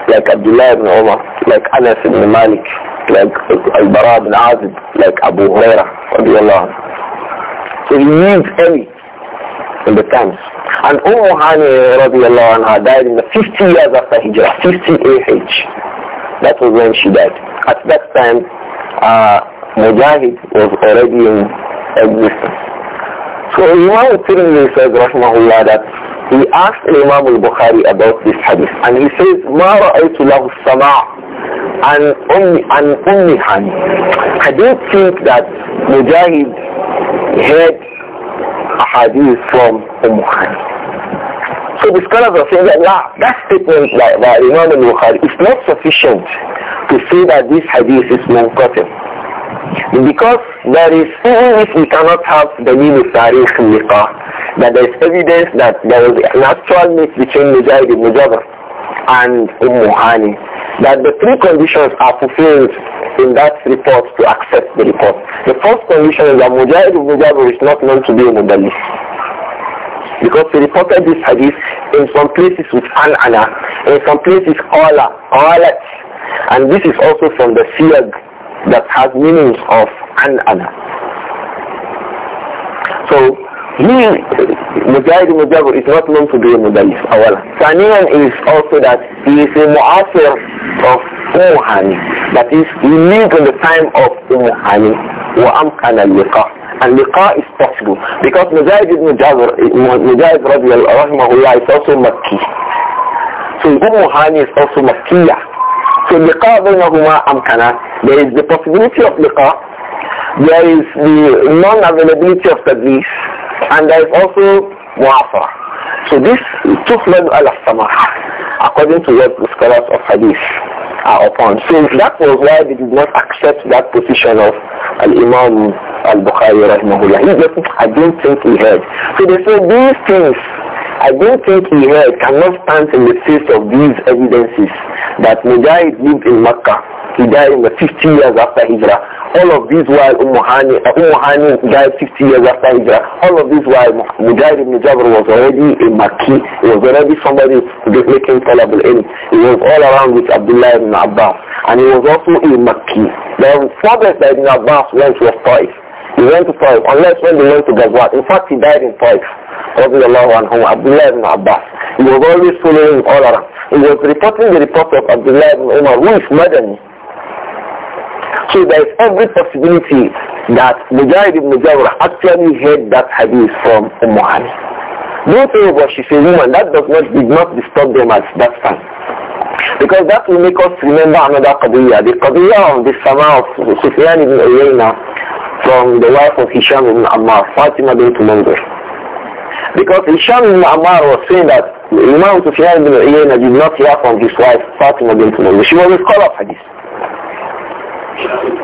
like Abdullah ibn Umar, like Anas ibn Malik, like Al-Bara ibn Azib, like Abu Huraira, So he lived any in the times. And Umm Hani radiallahu anha died in the 50 years after Hijrah, 50 AH. That was when she died. At that time, uh, Mujahid was already in existence. So Imam Tirmidhi says, rahmahullah, that he asked Imam al-Bukhari about this hadith and he says, مَا رَأَيْتُ لَهُ السَّمَاعُ and Ummi and Ummi Hani. I don't think that Mujahid heard a hadith from Ummu Hani. So the scholars are saying that nah, that statement by, by Imam al-Bukhari is not sufficient to say that this hadith is non-cotton. Because there is, even if we cannot have the Nilu Tariq Liqa, that there is evidence that there was an actual meet between Mujahid ibn Jabr and Umm Hani, that the three conditions are fulfilled in that report to accept the report. The first condition is that Mujahid ibn Jabr is not known to be a Mudallis because he reported this hadith in some places with an ana, in some places qala, qalat. And this is also from the siyag that has meanings of an ana. So he, Mujahid Mujabur is not known to be a Mudalif, awala. Saniyan is also that he is a Mu'asir of Umm That is, he lived in the time of Umm wa amkana al-liqa. And liqa is possible because Mujahid ibn Jabr, Mujahid rahimahullah is also Makki. So Umm is also Makkiya. So liqa bainahuma amkana there is the possibility of liqa, there is the non-availability of tadlis, and there is also mu'afa. So this tuflad al samah according to what the scholars of hadith are upon. So that was why they did not accept that position of al-Imam al-Bukhari rahimahullah. He doesn't, I don't think he heard. So they say these things I don't think he heard cannot stand in the face of these evidences that Mujahid lived in Makkah. He died in the 50 years after Hijrah. All of these while Umm Hani, uh, umm died 50 years after Hijrah. All of these while Mujahid ibn Jabr was already a Maki. He was already somebody making tolerable in. He was all around with Abdullah ibn Abbas. And he was also a Maki. The farthest that Ibn Abbas went was Taif. He went to Taif, unless when he went to Gazwat. In fact, he died in Taif radiallahu anhu, Abdullah ibn Abbas. He was always following all around. He was reporting the report of Abdullah in a who is Madani. So there is every possibility that Mujahid ibn Jawrah actually heard that hadith from Umm Ali. Don't say, but she's a woman. That does not, did not disturb them at that time. Because that will make us remember another Qadiyya. The Qadiyya of the Sama of Sufyan ibn Uyayna from the wife of Hisham ibn Ammar, Fatima bint Munzir. Because Hisham ibn Ammar was saying that Imam Sufyan ibn Uyayna did not hear from his wife Fatima against Mawli. She was a scholar of hadith.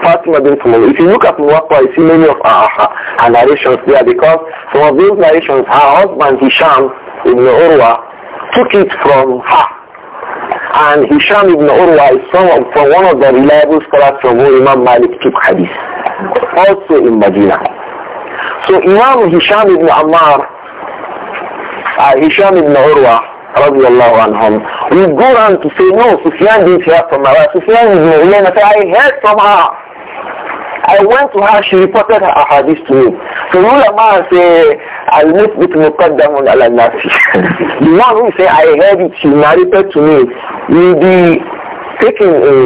Fatima against Mawli. If you look at Muwatta, you see many of her, her narrations there because some of those narrations, her husband Hisham ibn Urwa took it from her. And Hisham ibn Urwa is from, from one of the reliable scholars from whom Imam Malik took hadith, also in Medina. So Imam Hisham ibn Ammar uh, Hisham ibn Urwa radiallahu anhum We go around to say, no, Sufyan didn't hear from her. Sufyan ibn Uyayna say I heard from her. I went to her, she reported her hadith to me. So ulama say, I'll al-musbit muqaddamun ala nafi. the one who say, I heard it, she narrated to me, will be taking a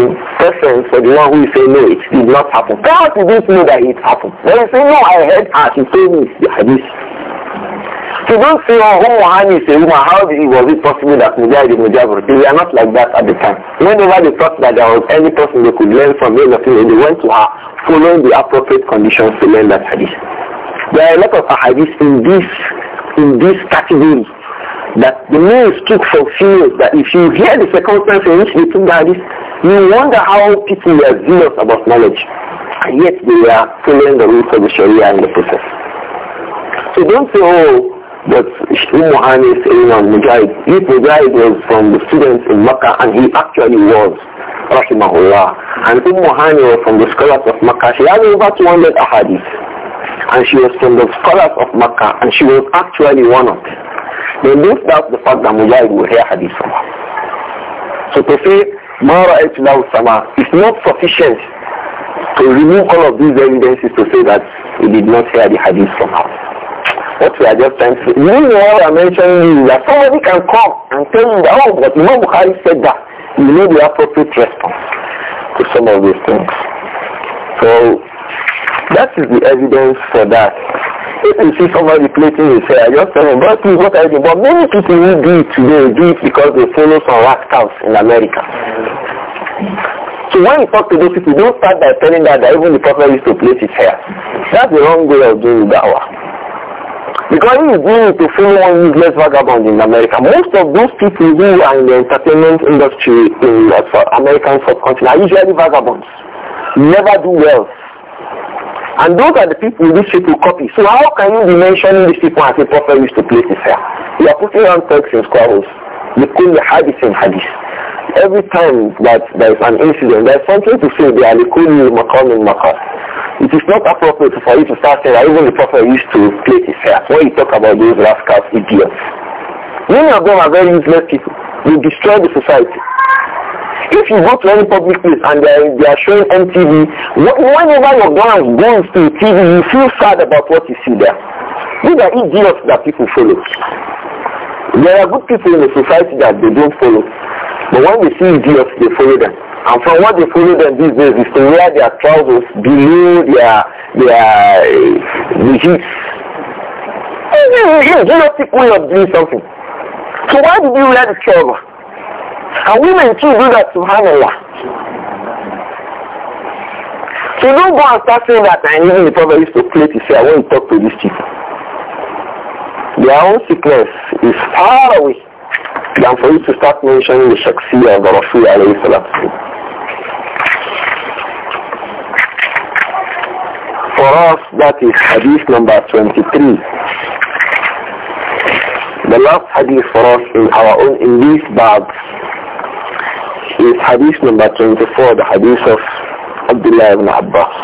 person for the one who say, no, it did not happen. God this know that it happened. When he say, no, I heard her, she told me the hadith. So don't say, oh, Umm is a woman, how was it possible that Mujahid ibn Jabr? They are not like that at the time. Whenever they thought that there was any person they could learn from, they went to her, following the appropriate conditions to learn that hadith. There are a lot of hadiths in this, in this category that the males took for fear that if you hear the circumstance in which they took the hadith, you wonder how people were zealous about knowledge. And yet they are following the rules of the Sharia in the process. So don't say, oh, but Muhammad Sayyid Mujahid, this Mujahid was from the students in Makkah and he actually was, rahimahullah. And Muhammad umm was from the scholars of Makkah. She had over 200 ahadith. And she was from the scholars of Makkah and she was actually one of them. They left out the fact that Mujahid will hear hadith from her. So to say, Mara et له is not sufficient to remove all of these evidences to say that he did not hear the hadith from her. What we are just trying to you know what I'm mentioning is that somebody can come and tell you that, oh, but how Bukhari said that. You need the appropriate response to some of these things. So that is the evidence for that. If you see somebody plating his hair, just tell him, but please, what you doing? But many people who do it today do it because they follow some rascals in America. So when you talk to those people, don't start by telling them that even the prophet used to place his hair. That's the wrong way of doing one. Because he is doing to follow one useless vagabond in America. Most of those people who are in the entertainment industry in the American subcontinent are usually vagabonds. Never do well. And those are the people these people copy. So how can you be mentioning these people as a prophet used to place You are putting on text in squares. You couldn't hadith in hadith every time that there is an incident, there is something to say, they are likuni maqam and maqam. It is not appropriate for you to start saying that even the prophet used to play his hair. When you talk about those rascals, idiots. Many of them are very useless people. They destroy the society. If you go to any public place and they are, they are showing MTV, whenever your glance goes to TV, you feel sad about what you see there. These are idiots that people follow. There are good people in the society that they don't follow. But when we see idiots, they follow them. And from what they follow them these days is to wear their trousers below their, their, eh, the Do not think we are doing something. So why did you wear the trouser? And women too do that, subhanAllah. So don't go and start saying that I even the prophet is to play to say I want to talk to these people. Their own sickness is far away. Die Antwort ist, dass man schon in der Schaxia, der Rasul, alle Isolation. For us, that is hadith number 23. The last hadith for us in our own, in this bab, is hadith number 24, the hadith of Abdullah ibn Abbas.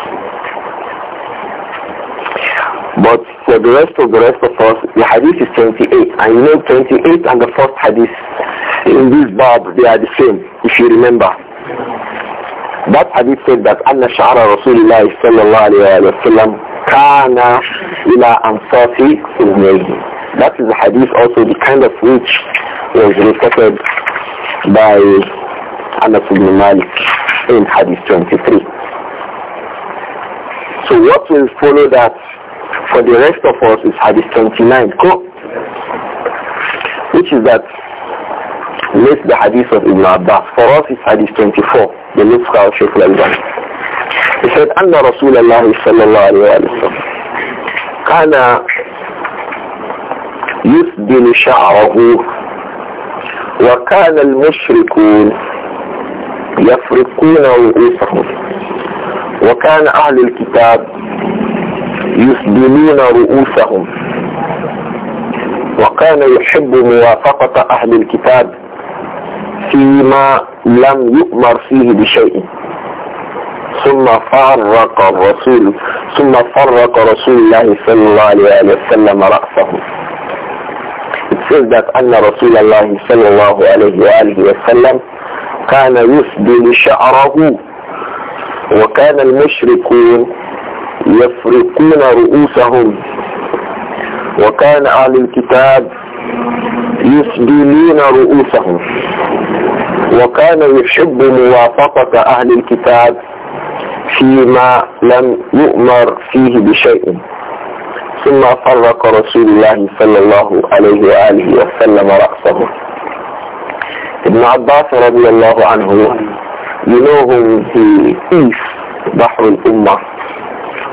But for the rest of the rest of us, the hadith is 28. I know 28 and the first hadith in this bab, they are the same, if you remember. That hadith said that أن al-Rasulullah Sallallahu صلى الله عليه وسلم كان إلى That is the hadith also the kind of which was reported by Anas ibn Malik in hadith 23. So what will follow that for the rest of us is Hadith 29, which is that makes the Hadith of Ibn Abbas. For us is Hadith 24, the Nusra of Shaykh al-Albani. He said, أن رسول الله صلى الله عليه وسلم كان يسدل شعره وكان المشركون يفرقون رؤوسهم وكان أهل الكتاب يسدلون رؤوسهم وكان يحب موافقة أهل الكتاب فيما لم يؤمر فيه بشيء ثم فرق الرسول ثم فرق رسول الله صلى الله عليه وسلم رأسه It says that أن رسول الله صلى الله عليه وآله وسلم كان يسدل شعره وكان المشركون يفرقون رؤوسهم وكان أهل الكتاب يسدلون رؤوسهم وكان يحب موافقة أهل الكتاب فيما لم يؤمر فيه بشيء ثم فرق رسول الله صلى الله عليه وآله وسلم رأسه ابن عباس رضي الله عنه you know whom he is بحر الأمة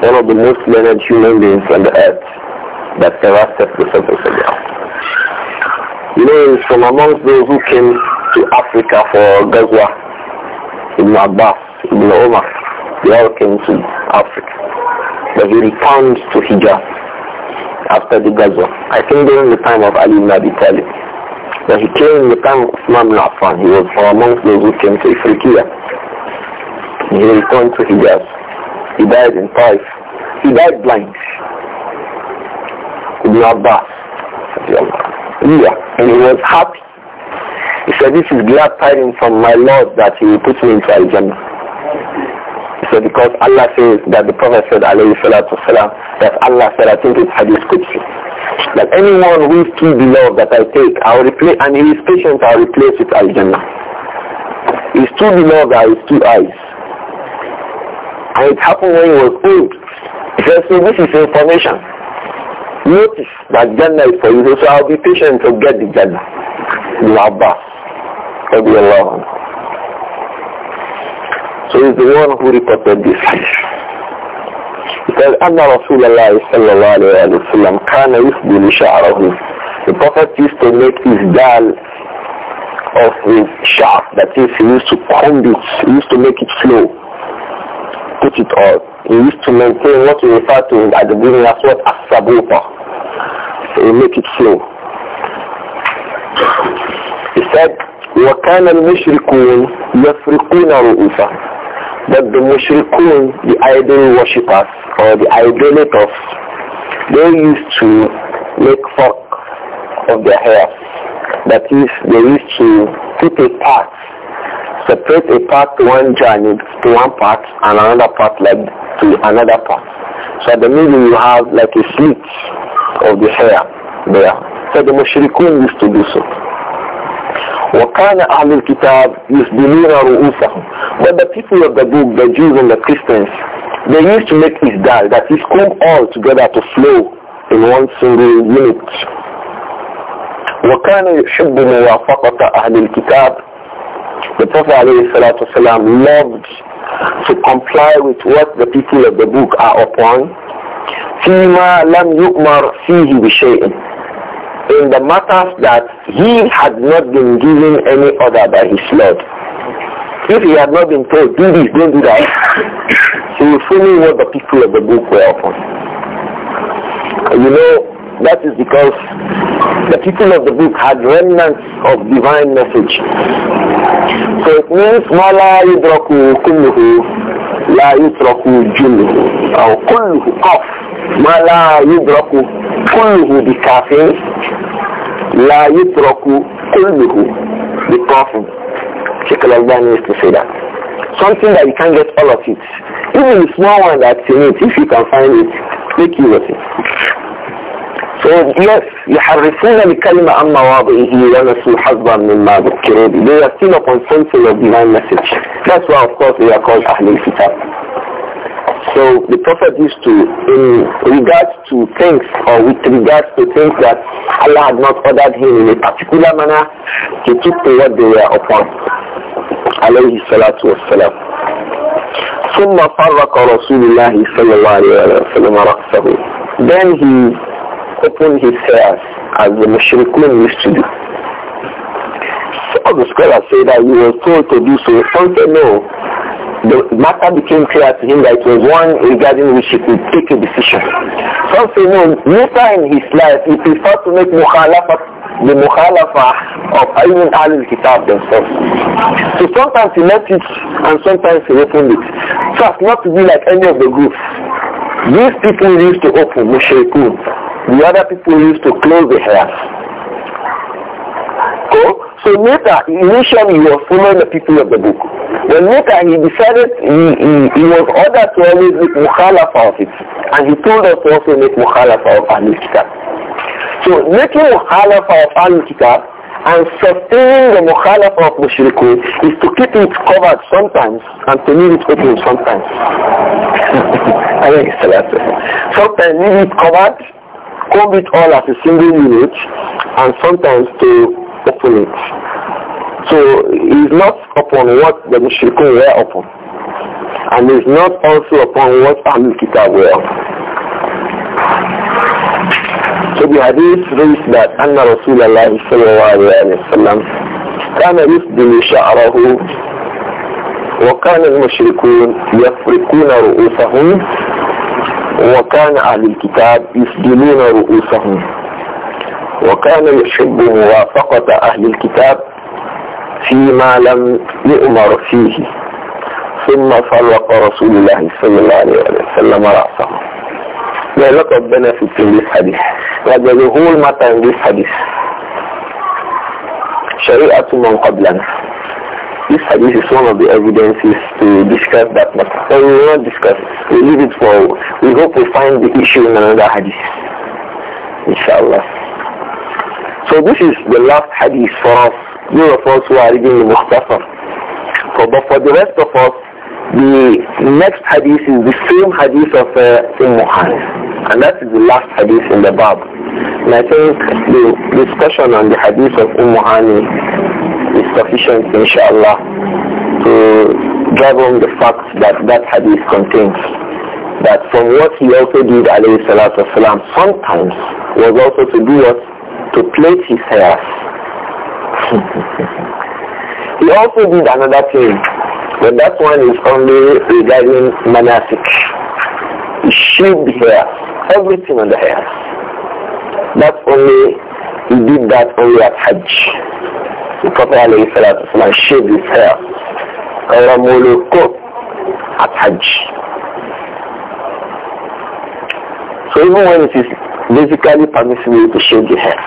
one of the most learned human beings on the earth that stepped the Prophet You know, he's from amongst those who came to Africa for Gazwa, Ibn Abbas, Ibn Omar. They all came to Africa. But he returned to Hijaz after the Gazwa. I think during the time of Ali ibn Abi Talib. But he came in the time of Imam Nafan. He was from amongst those who came to Ifriqiya. He returned to Hijaz he died in Taif. He died blind. Ibn Abbas. Yeah. And he was happy. He said, this is glad tidings from my Lord that he will put me into Al-Jannah. He said, because Allah says that the Prophet said, alayhi salatu that Allah said, I think it's Hadith Qudsi, that anyone who is too beloved that I take, I will replace, and he is patient, I will replace with Al-Jannah. He's too beloved, I is two eyes. And it happened when he was old. He said, so this is information. Notice that Jannah is for you. So I'll be patient to get the Jannah. The Abbas. Allah. So he's the one who reported this hadith. He said, أن رسول الله صلى الله عليه وسلم كان يسبل شعره. The Prophet used to make his dal of his sharp, that is, he used to comb it, he used to make it flow put it all. He used to maintain what we refer to at the beginning as what as sabuta. he make it flow. He said, وَكَانَ الْمُشْرِكُونَ يَفْرِقُونَ رُؤُسًا But the mushrikun, the idol worshippers or the idolaters, they used to make fork of their hair. That is, they used to put a part separate a part to one journey to one part and another part like to another part. So at the middle you have like a slit of the hair there. So the mushrikun used to do so. وكان أهل الكتاب يسدلون رؤوسهم But the people of the book, the Jews and the Christians, they used to make that that is come all together to flow in one single unit. وكان يحب موافقة أهل الكتاب the Prophet ﷺ loved to comply with what the people of the book are upon. فيما لم يؤمر فيه بشيء in the matters that he had not been given any order by his Lord. If he had not been told, do this, don't do that, he will follow what the people of the book were upon. You know, that is because the people of the book had remnants of divine message. So it means Mala yidroku Kulluhu La yidroku Julluhu or Kulluhu Kof Mala yidroku Kulluhu the kafir La yidroku Kulluhu the kafir Sheikh Al-Albani used to say that. Something that you can't get all of it. Even the small one that's in it, if you can find it, take use with it. So yes, يحرفون الكلمة عن مواضعه ونسوا حظا مما ذكروا به. They are still upon something of divine message. That's why of course they are called أهل الكتاب. So the Prophet used to, in regards to things or with regards to things that Allah had not ordered him in a particular manner, he took to what they were upon. عليه الصلاة والسلام. ثم فرق رسول الله صلى الله عليه وسلم رأسه. Then he open his hairs as the Mushrikun used to do. Some of the scholars say that he was told to do so. Some say no. The matter became clear to him that it was one regarding which he could take a decision. Some say no. Later in his life, he preferred to make mukhalafa the mukhalafah of even al kitab themselves. So sometimes he left it and sometimes he opened it. So as not to be like any of the groups. These people used to open mushrikun. The other people used to close the house. Oh, so, so later, initially he was following the people of the book. But later he decided, he, he, he was ordered to always make mukhalafa of it. And he told us to also make mukhalafa of Ahlul Kitab. So making mukhalafa of Ahlul Kitab and sustaining the mukhalafa of mushrikun is to keep it covered sometimes and to leave it open sometimes. sometimes leave it covered comb it all as a single unit and sometimes to open it. So it's not upon what the Mushrikun were upon. And it's not also upon what Ahlul Kitab were So the hadith reads that Anna Rasulullah sallallahu alayhi wa sallam كان يسدل شعره وكان المشركون يفركون رؤوسهم وكان أهل الكتاب يسلمون رؤوسهم وكان يحب موافقة أهل الكتاب فيما لم يؤمر فيه ثم فرق رسول الله صلى الله عليه وسلم رأسه There are في lot حديث benefits in this hadith. But شريعة من قبلنا This hadith is one of the evidences to discuss that, but we will not discuss it. We leave it for, we hope we find the issue in another hadith. Inshallah. So this is the last hadith for us, those of us who are reading the Muqtasar. So, but for the rest of us, the next hadith is the same hadith of uh, Umm and that is the last hadith in the Bab. And I think the discussion on the hadith of Umm Hani is sufficient, inshallah, to drive home the fact that that hadith contains that from what he also did, alayhi salatu wasalam, sometimes was also to do what? To plait his hair. he also did another thing, but that one is only regarding manasik shaved hair, everything on the hair. Not only he did that only at Hajj. The Prophet ﷺ shaved his hair. At Hajj. So even when it is basically permissible to shave the hair.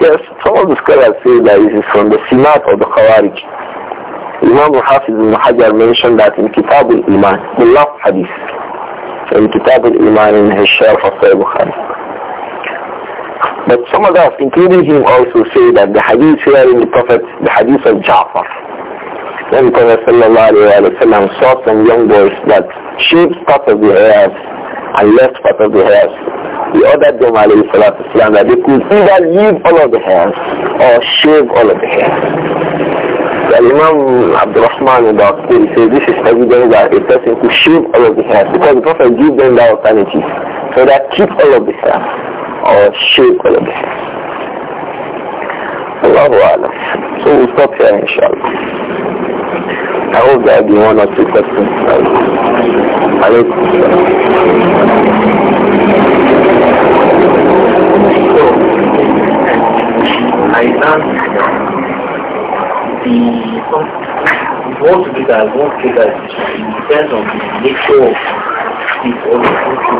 Yes, some of the scholars say that this is from the Sinat of the Khawarij. Imam Hafiz al Hajar mentioned that in Kitab al-Iman, the last hadith in Kitab al-Iman in his Sharf of Bukhari. But some of us, including him, also say that the hadith here in the Prophet, the hadith of Ja'far, when the Prophet sallam, saw some young boys that shaved part of the hairs and left part of the hairs, he ordered them والسلام, that they could either leave all of the hairs or shave all of the hairs. Imam Abdul Rahman about he says this is evidence that a person could shave all of the hair because the Prophet gave them that alternative. So that keep all of the hair or shave all of the hair. Allahu Alam. So we we'll stop here inshallah. I hope there will be one or two questions. I ask the what to that, what to that, it depends on the nature of the also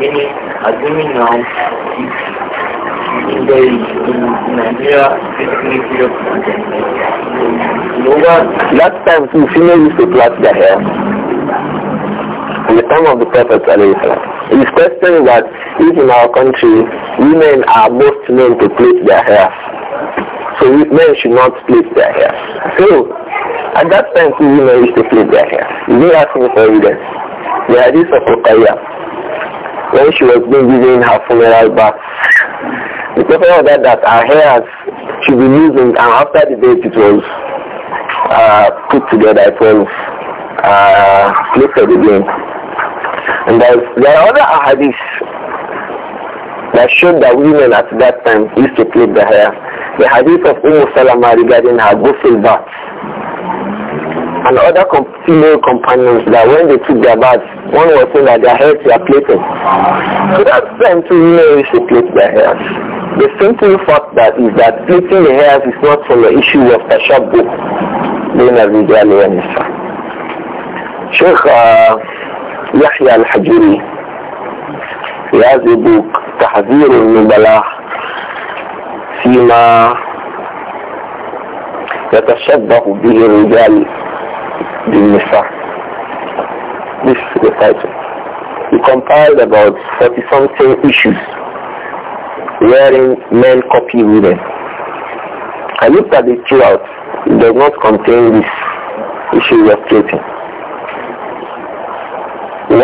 Meaning, assuming now, if in, the, in Nigeria, basically period in over... Last time, two females used to plait their hair. In the time of the Prophet, it is questioned that if in our country, women are most known to plait their hair, so men should not split their hair. So at that time two women used to split their hair. You are not ask me for evidence. The hadith of Ruqayya, when she was being given her funeral bath, the prophet ordered that her hair should be loosened and after the date it was uh, put together, it was uh, placed again. And there are other hadiths that showed that women at that time used to clip their hair the hadith of Umm Salama regarding her ghusl baths and other com female companions that when they took their baths, one was saying that their heads were plaited. So that's time to you know you should plait their hairs. The simple fact that is that plaiting the hairs is not from the issue of the shop book. Sheikh uh, Yahya al-Hajiri, he has a book, Tahzir al-Nubalah, فيما يتشبه به الرجال بالنساء This is the title. He compiled about 40 something issues wherein men copy women. I looked at it throughout. It does not contain this issue we are stating.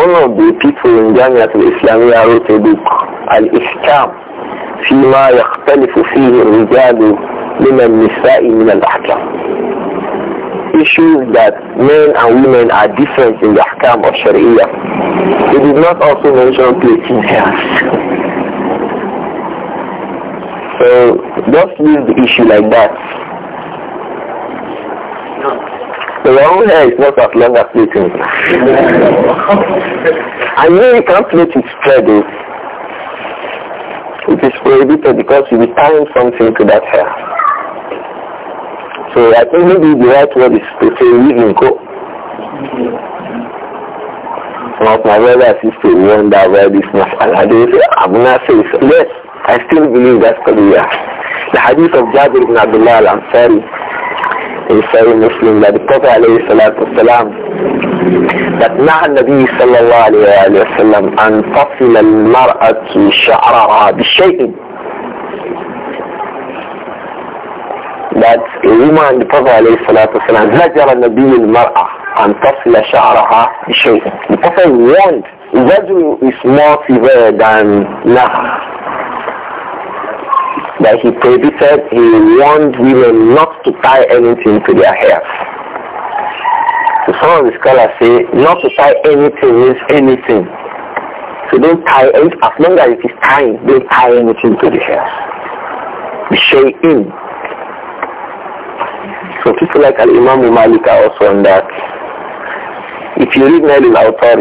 One of the people in Jamia to Islamia wrote a book, Al-Ihkam, فيما يختلف فيه الرجال من النساء من الأحكام issues that men and women are different in the ahkam of Sharia. It is not also mention the hairs. so just leave the issue like that. The wrong hair is not as long as plating. I mean you can't let it spread it. it is prohibited because you will tying something to that hair. So I think maybe the right word is to say leave him go. Some of my brothers used to wonder where this masala they say ah, Abuna says yes, I still believe that's Qadiyya. The hadith of Jabir ibn Abdullah al-Ansari يساوي مسلم لا بالطبع عليه الصلاة والسلام فاتنع النبي صلى الله عليه وسلم أن تصل المرأة شعرها بشيء that a woman the Prophet عليه الصلاة والسلام زجر النبي المرأة أن تصل شعرها بشيء the Prophet warned زجر is more severe than نهر that he prohibited, he warned women not to tie anything to their hair. So some of the scholars say not to tie anything means anything. So don't tie it as long as it is tying, don't tie anything to the hair. The in. So people like Al Imam Malik are also on that. If you read Nail al-Awtar,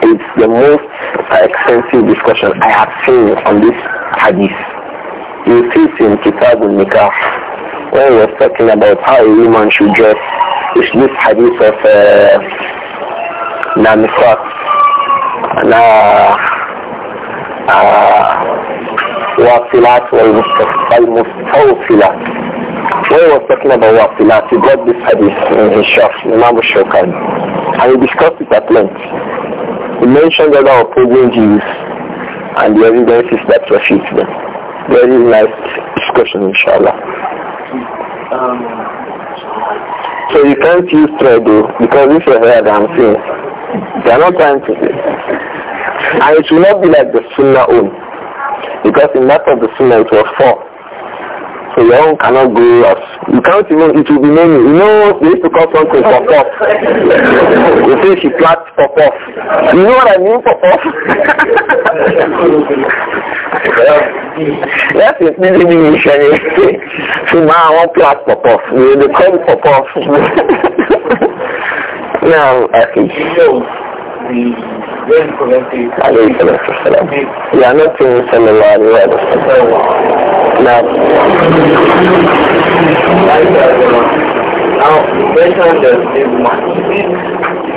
it's the most extensive discussion I have seen on this hadith. You see it in Kitab al-Nikah when he was talking about how a woman should dress. It's this hadith of uh, Namisat. When واصلات والمستوصلات talking about بواصلات he brought this hadith in his shop Imam Shokan and he discussed it at length he mentioned other opposing Jews and the evidences that refute them very nice discussion, inshallah. Um, so you can't use threadle oh, because if your hair I'm seeing, they are not trying to do, And it will not be like the sunnah own. Because in that of the sunnah it was four. so your own cannot grow up. You can't even, it will be many. You know, they used to call something "pop off." you say she plucked pop off. You know what I mean for puff? That's it, really mean missionary. so now I want pluck for puff. They call it for puff. now, okay. عليه الصلاة والسلام يعني أنت صلى الله عليه وسلم now, now you mentioned the slave market. Is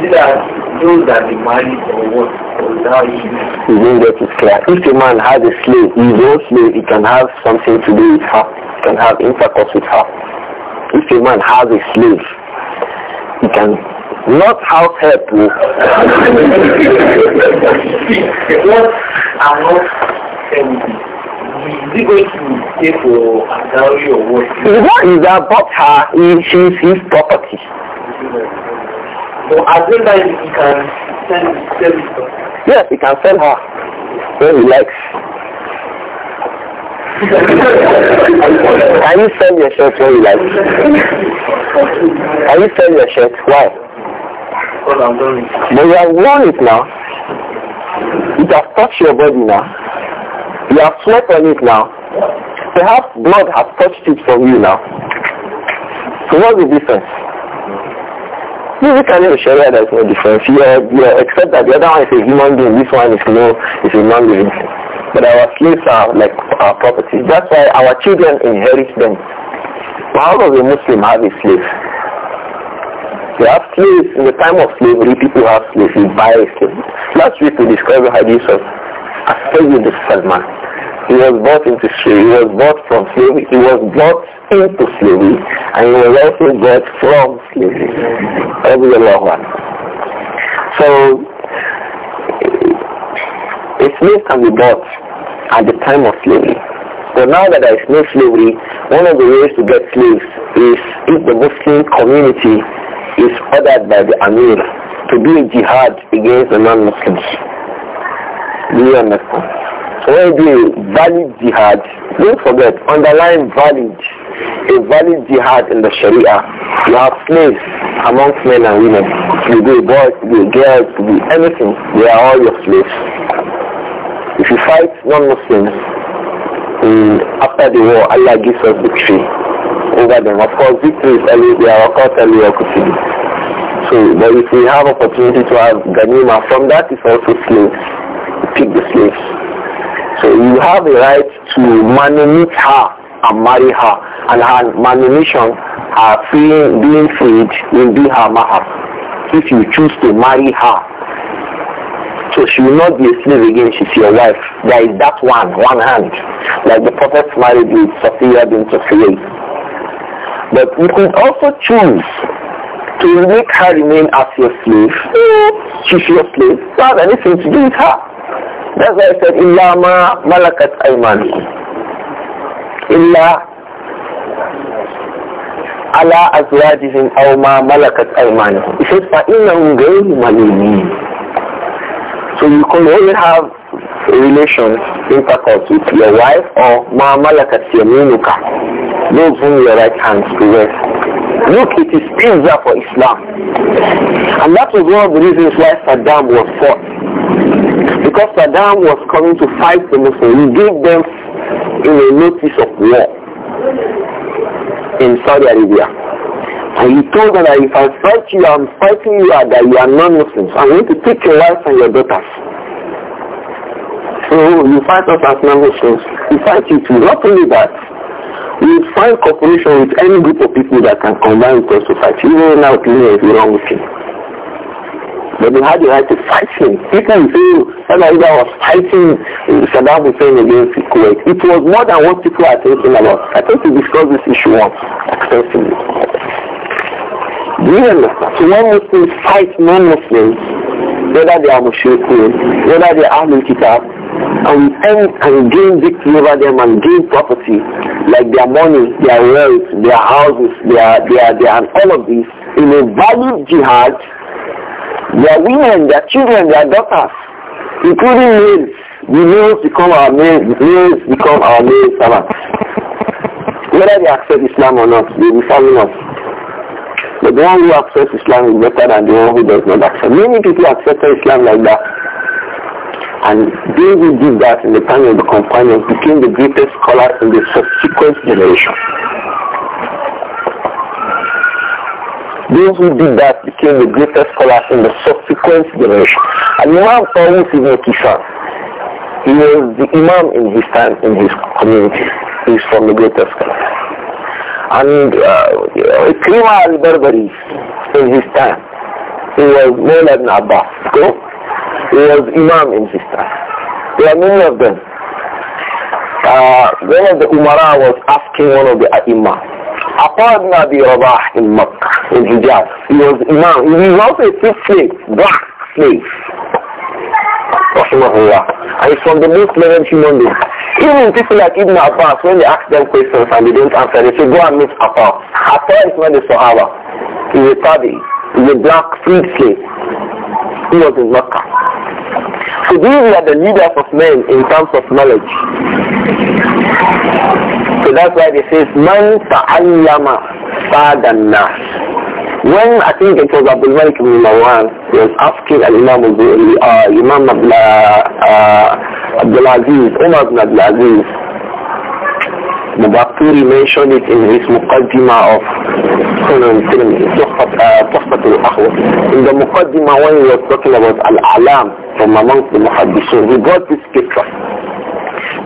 it that those that the married or what? he didn't get it clear. If a man has a slave, his own slave, he can have something to do with her. He can have intercourse with her. If a man has a slave, he can not how help you. what are not is he going to pay for dowry or what? What is about her is she's his property. So as well as he can sell, sell Yes, he can sell her when he likes. can you sell your shirt when you like? can you sell your shirt? Why? Because I'm done. But you have worn it now. It has touched your body now. You have slept on it now. Perhaps blood has touched it from you now. So what's the difference? You look at the Sharia, there's no difference. you yeah, except that the other one is a human being. This one is no, is a non being. But our slaves are like our property. That's why our children inherit them. How does a Muslim have a slave? They have slaves. In the time of slavery, people have slaves. You buy slaves. Last week we discovered the hadith of as the al-Salman. He was bought into slavery, he was bought from slavery, he was bought into slavery, and he was also bought from slavery. So, a slave can be bought at the time of slavery. But now that there is no slavery, one of the ways to get slaves is if the Muslim community is ordered by the Amir to do a jihad against the non-Muslims. We you understand? When the valid jihad, don't forget, underline valid. A valid jihad in the Sharia. You have slaves amongst men and women. You be boys, you be girls, to you be anything. They are all your slaves. If you fight non-Muslims, um, after the war, Allah gives us victory over them. Of course, victory is always there. Of course, always So, but if we have opportunity to have ganima, from that is also slaves you have a right to manumit her and marry her, and her manumission are free, being freed will be her mahar if you choose to marry her. So she will not be a slave again, she's your wife. There is that one, one hand, like the prophet marriage with Sophia bin Sophia. But you could also choose to make her remain as your slave. Mm. She's your slave. Not anything to do with her. That's why I said, إِلَّا مَا مَلَكَتْ أَيْمَانِكُمْ إِلَّا على أزواجهم أو ما ملكت أيمانهم. He said, فَإِنَّهُمْ غَيْرُ مَلِيمِينَ So you can only have relations, intercourse with your wife or ma malakat yaminuka, those whom your right hand possess. Look, it is pizza for Islam. And that was one of the reasons why Saddam was fought. Because Saddam was coming to fight the Muslims, he gave them in a notice of war in Saudi Arabia. And he told them that if I fight you, I'm fighting you that you are non-Muslims. I'm going to take your wives and your daughters. So you fight us as non-Muslims. We fight you too. Not only that, we find cooperation with any group of people that can combine with us to fight. You our now clear every wrong thing. But they had the right to fight him. People will say, when I was fighting Saddam Hussein against Kuwait. It was more than what people are thinking about. I think we discussed this issue once extensively. Do you So when Muslims fight non-Muslims, whether they are Mushrikun, whether they are Ahlul Kitab, and end and gain victory over them and gain property, like their money, their wealth, their houses, their, their, their, and all of this, in a valid jihad, their women, their children, their daughters, including males. The males become our males, the males become our male servants. Whether they accept Islam or not, they will be us. But the one who accepts Islam is better than the one who does not accept. Many people accept Islam like that. And they who did that in the time of the companions became the greatest scholars in the subsequent generation. Those who did that became the greatest scholars in the subsequent generation. And Imam Tawus Ibn Kisan, he was the Imam in his time, in his community. He's from the greatest scholars. And uh, Ikrima al-Barbari, in his time, he was Mawla ibn Abbas. he was Imam in his time. There are many of them. Uh, one of the Umara was asking one of the Imams, Aqa ibn Abi Rabah in Makkah, in Hijaz. He was Imam. He was also a fifth slave, black slave. Rahimahullah. And he's from the most learned human being. Even people like Ibn Abbas, when they ask them questions and they don't answer, they say, go and meet Aqa. Aqa is not the Sahaba. He's a Tabi. He's a black freed slave. He was in Makkah. So these are the leaders of men in terms of knowledge. So that's why they say, Man ta'allama fadanna. When I think it was Abdul Malik ibn Marwan, he was asking Al-Imam uh, Imam Abdul, uh, Abdul Aziz, Umar ibn Abdul Aziz, Mubakturi mentioned it in his Muqaddima of Sunan Tirmidhi, Tuhfat al-Akhwa. In the Muqaddima when he was talking about Al-Alam from amongst the Muhaddisun, he brought this picture.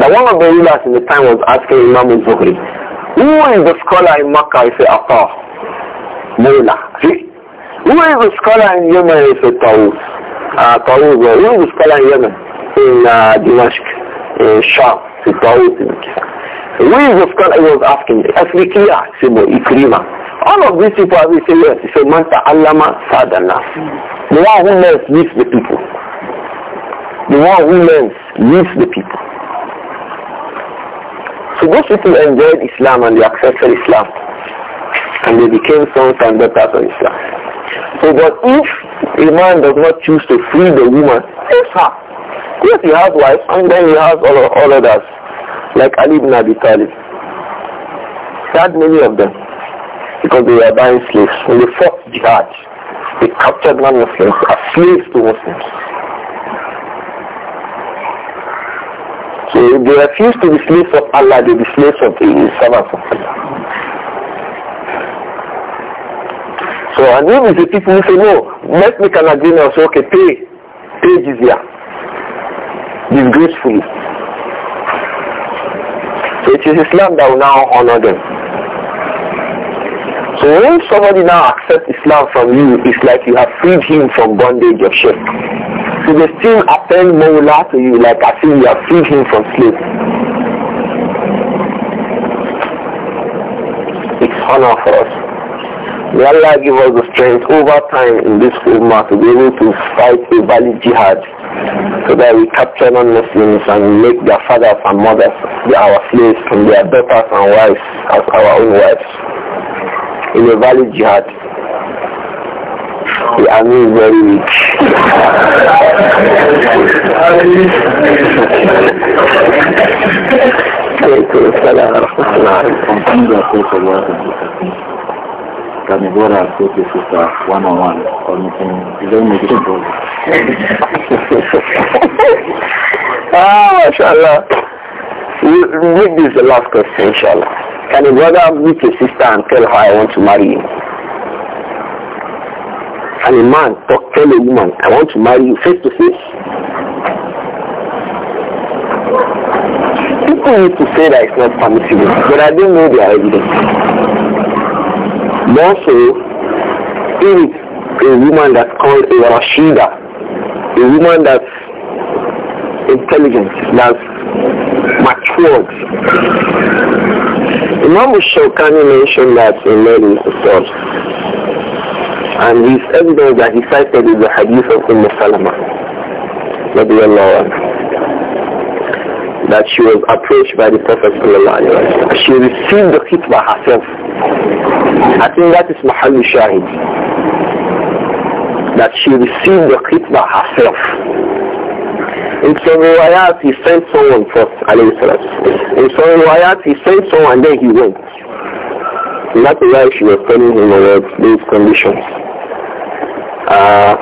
That one of the rulers in the time was asking Imam al-Zuhri, who is the scholar in Makkah? He said, Atta, Mula. See? Who is the scholar in Yemen? He said, Taus. Uh, Taus. Who is the scholar in Yemen? In uh, Dimashq, in Sham, in Taus. Who is the scholar? He was asking, Aslikiya, Sibo, Ikrima. All of these people, as we say, yes, he said, Man ta'allama sadana. The one who learns leads the people. The one who learns leads the people. So those people enjoyed Islam and they accepted Islam. And they became sons and daughters of Islam. So but if a man does not choose to free the woman, leave her. Yes, he has wife and then he has all, all others, like Ali ibn Abi Talib. Sad many of them because they were buying slaves. When the fought jihad, they captured non-Muslims as slaves to Muslims. So they refuse to be slaves of Allah, they be slaves of the servants of Allah. So and if the people who say, no, let me can agree now, so okay, pay, pay year, disgracefully. So it is Islam that will now honor them. So when somebody now accepts Islam from you, it's like you have freed him from bondage of shirk. So they still send Mawla to you like I see you have freed him from sleep. It's honor for us. May Allah give us the strength over time in this ummah to be able to fight a valid jihad so that we capture non-Muslims and make their fathers and mothers our slaves and their daughters and wives as our own wives. In a valid jihad. The army is very weak. Can you go and talk to sister one on one or anything? You don't ah, mashallah. You make this the last question, inshallah. Can a brother meet a sister and tell her I want to marry you? Can a man talk, tell a woman, I want to marry you face to face? People need to say that it's not permissible, but I don't know their evidence. More so, if a woman that's called a Rashida, a woman that's intelligent, that's matured. Imam Shawkani mentioned that in many episodes. And his evidence that he cited is the hadith of Umm Salama. That she was approached by the Prophet She received the khitbah herself. I think that is Mahal Shahid. That she received the khitbah herself. In some riwayat, he sent someone first, alayhi salam. In some riwayat, he sent someone and then he went. And that is why she was telling him about these conditions. Uh,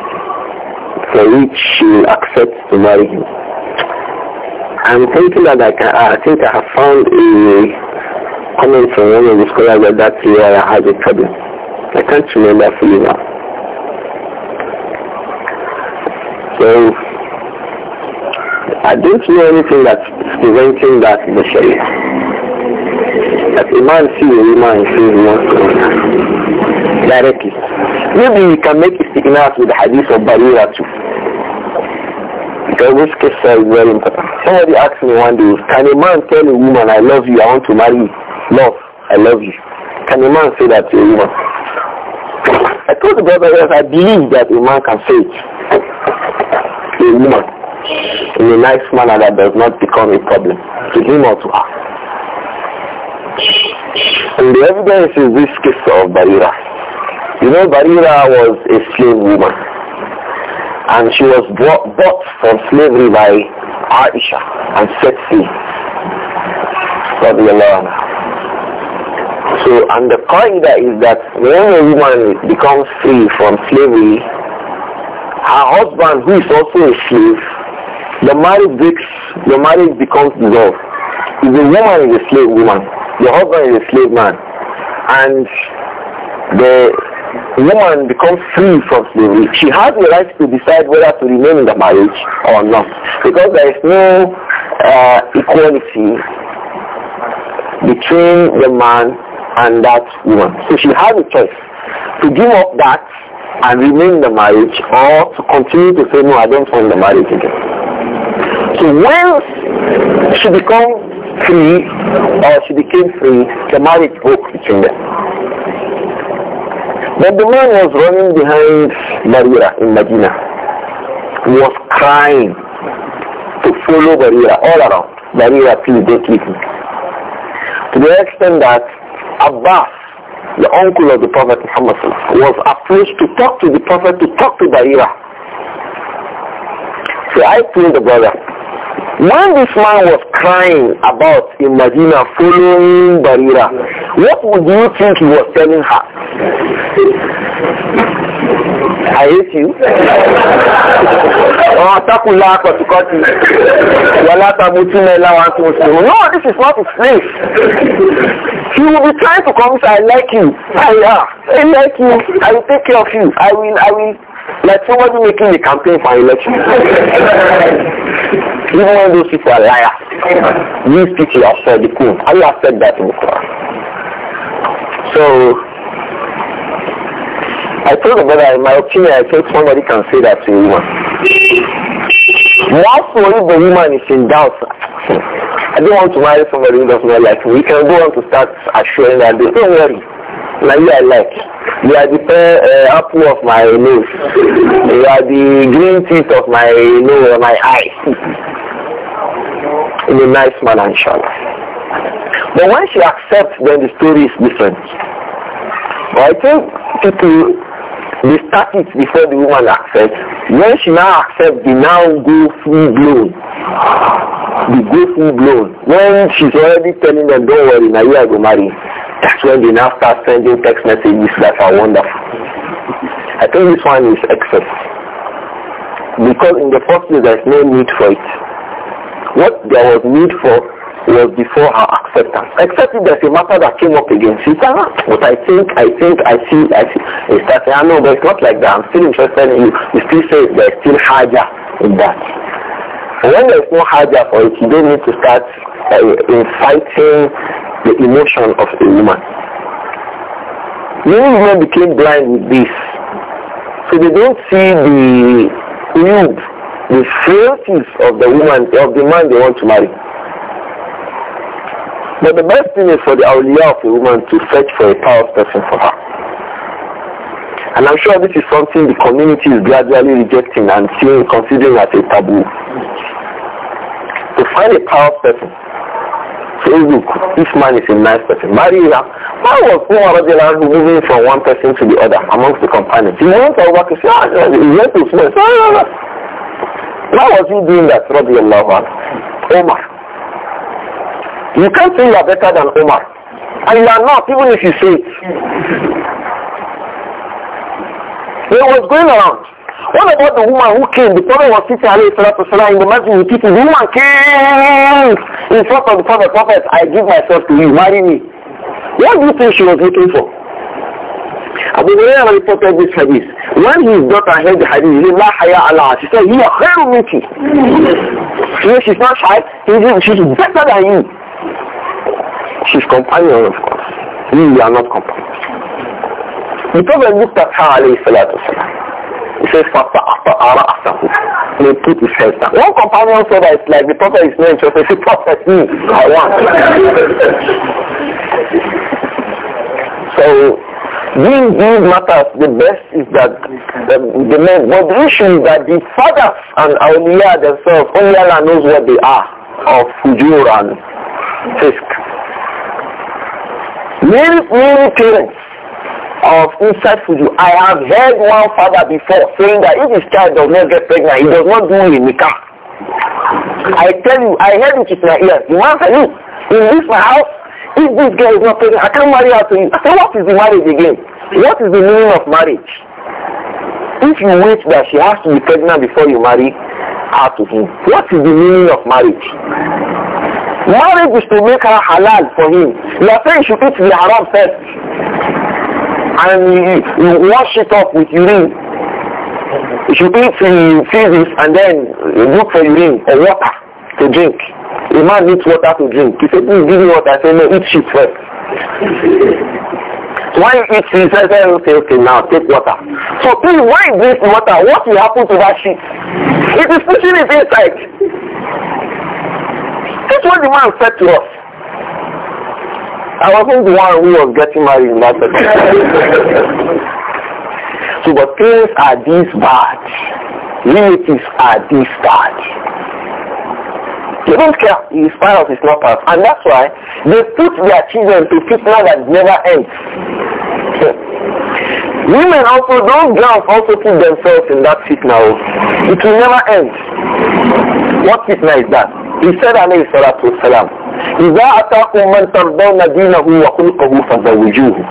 for which she will accept to marry him. I'm thinking that I, can, I think I have found a comment from one of the scholars that that's where I had a problem. I can't remember fully now. So I don't know anything that's preventing that in the Sharia. That a man sees a woman and says he wants to directly. Maybe we can make it istighnaf with the hadith of Barira too. Because this case is very important. Somebody asked me one day, can a man tell a woman, I love you, I want to marry you? Love, I love you. Can a man say that to a woman? I told the brother, yes, I believe that a man can say it to a woman in a nice manner that does not become a problem to him or to her. And the evidence is this case of Barira. You know, Barira was a slave woman. And she was brought, bought from slavery by Aisha and set free. So, and the qaida is that when a woman becomes free from slavery, her husband, who is also a slave, the marriage breaks, the marriage becomes dissolved. If the woman is a slave woman, the husband is a slave man, and the woman becomes free from slavery, she has the right to decide whether to remain in the marriage or not. Because there is no uh, equality between the man and that woman. So she has a choice to give up that and remain in the marriage or to continue to say, no, I don't want the marriage again. So once she becomes free or she became free, the marriage broke between them. But the man was running behind Maria in Medina. He was crying to follow Maria all around. Barira please don't leave me. To the extent that Abbas, the uncle of the Prophet Muhammad was approached to talk to the Prophet, to talk to Barira. So I told the brother, when this man was crying about Imagine Medina following Barira, what would you think he was telling her? I hate you. Oh, no, this is not his place. He will be trying to come say, I like you. I, uh, I like you. I will take care of you. I will, I will. Like somebody making a campaign for election. Even when those people are liars, these people are Sadiqun. Allah said that in the Quran. So, I told the brother, in my opinion, I think somebody can say that to a woman. Most the woman is in doubt, I don't want to marry somebody who does not like me. You can go on to start assuring that they don't worry. Now you are like, you are the uh, apple of my nose. You are the green teeth of my nose, my eyes. In a nice manner, inshallah. But once you accept, then the story is different. But I think people, they start it before the woman accepts. When she now accepts, they now go full blown. They go full blown. When she's already telling them, don't worry, now you are going to marry. That's when they now start sending text messages that are wonderful. I think this one is excess. Because in the first place there is no need for it. What there was need for was before her acceptance. Except if there's a matter that came up again. She said, ah, but I think, I think, I see, I see. It's that, I know, but it's not like that. I'm still interested in you. You still say there's still haja in that. And when there's no haja for it, you don't need to start uh, inciting the emotion of a woman. Many women became blind with this. So they don't see the need, the frailties of the woman, of the man they want to marry. But the best thing is for the awliya of a woman to search for a powerful person for her. And I'm sure this is something the community is gradually rejecting and seeing, considering as a taboo. To find a powerful person Say, look, this man is a nice person. Marry him. Why was Umar moving from one person to the other amongst the companions? He went to Abu Bakr, he went to Usman. Why was he doing that, radiallahu anhu? Omar? You can't say you are better than Omar, And you are not, even if you say it. He was going around. What about the woman who came? The Prophet was sitting alayhi salatu salam in the masjid with people. The woman came in front of the Prophet. Prophet, I give myself to you. Marry me. What do you think she was looking for? Abu Hurairah reported this hadith. When his daughter heard the hadith, he said, La haya Allah. She said, You are khairu minki. She said, She's not shy. She said, She's better than you. She's companion, of course. We are not companions. The Prophet looked at her, alayhi salatu salam says, Faster, after, hour after. May keep his head down. One companion said that it's like the prophet is not interested. He prophet me. I want. so, these, these matters, the best is that the, the men, but the issue is that the fathers and awliya themselves, only Allah knows what they are of fujur and fisk. Many, many parents of inside fudu, I have heard one father before saying that if his child does not get pregnant, he does not do the nikah. I tell you, I heard it in my ears. The man said, look, in this my house, if this girl is not pregnant, I can't marry her to you. I said, what is the marriage again? What is the meaning of marriage? If you wait that she has to be pregnant before you marry her to him, what is the meaning of marriage? Marriage is to make her halal for him. You are saying she eats the haram first and you, you wash it off with urine. If you eat the physics and then look for urine or water to drink, a man needs water to drink. He said, please give me water. I said, no, eat shit first. so when you eat shit, I said, okay, okay, now take water. So please, why drink water, what will happen to that shit? It is pushing it inside. That's what the man said to us. I wasn't the one who was getting married in that So but things are this bad. Relatives are this bad. They don't care if parents is not parents. And that's why they put their children to fitna that never ends. Women also, those girls also put themselves in that fitna. It will never end. What fitna is that? He said, alayhi salatu wasalam, إذا أتاكم من ترضون دينه وخلقه فزوجوه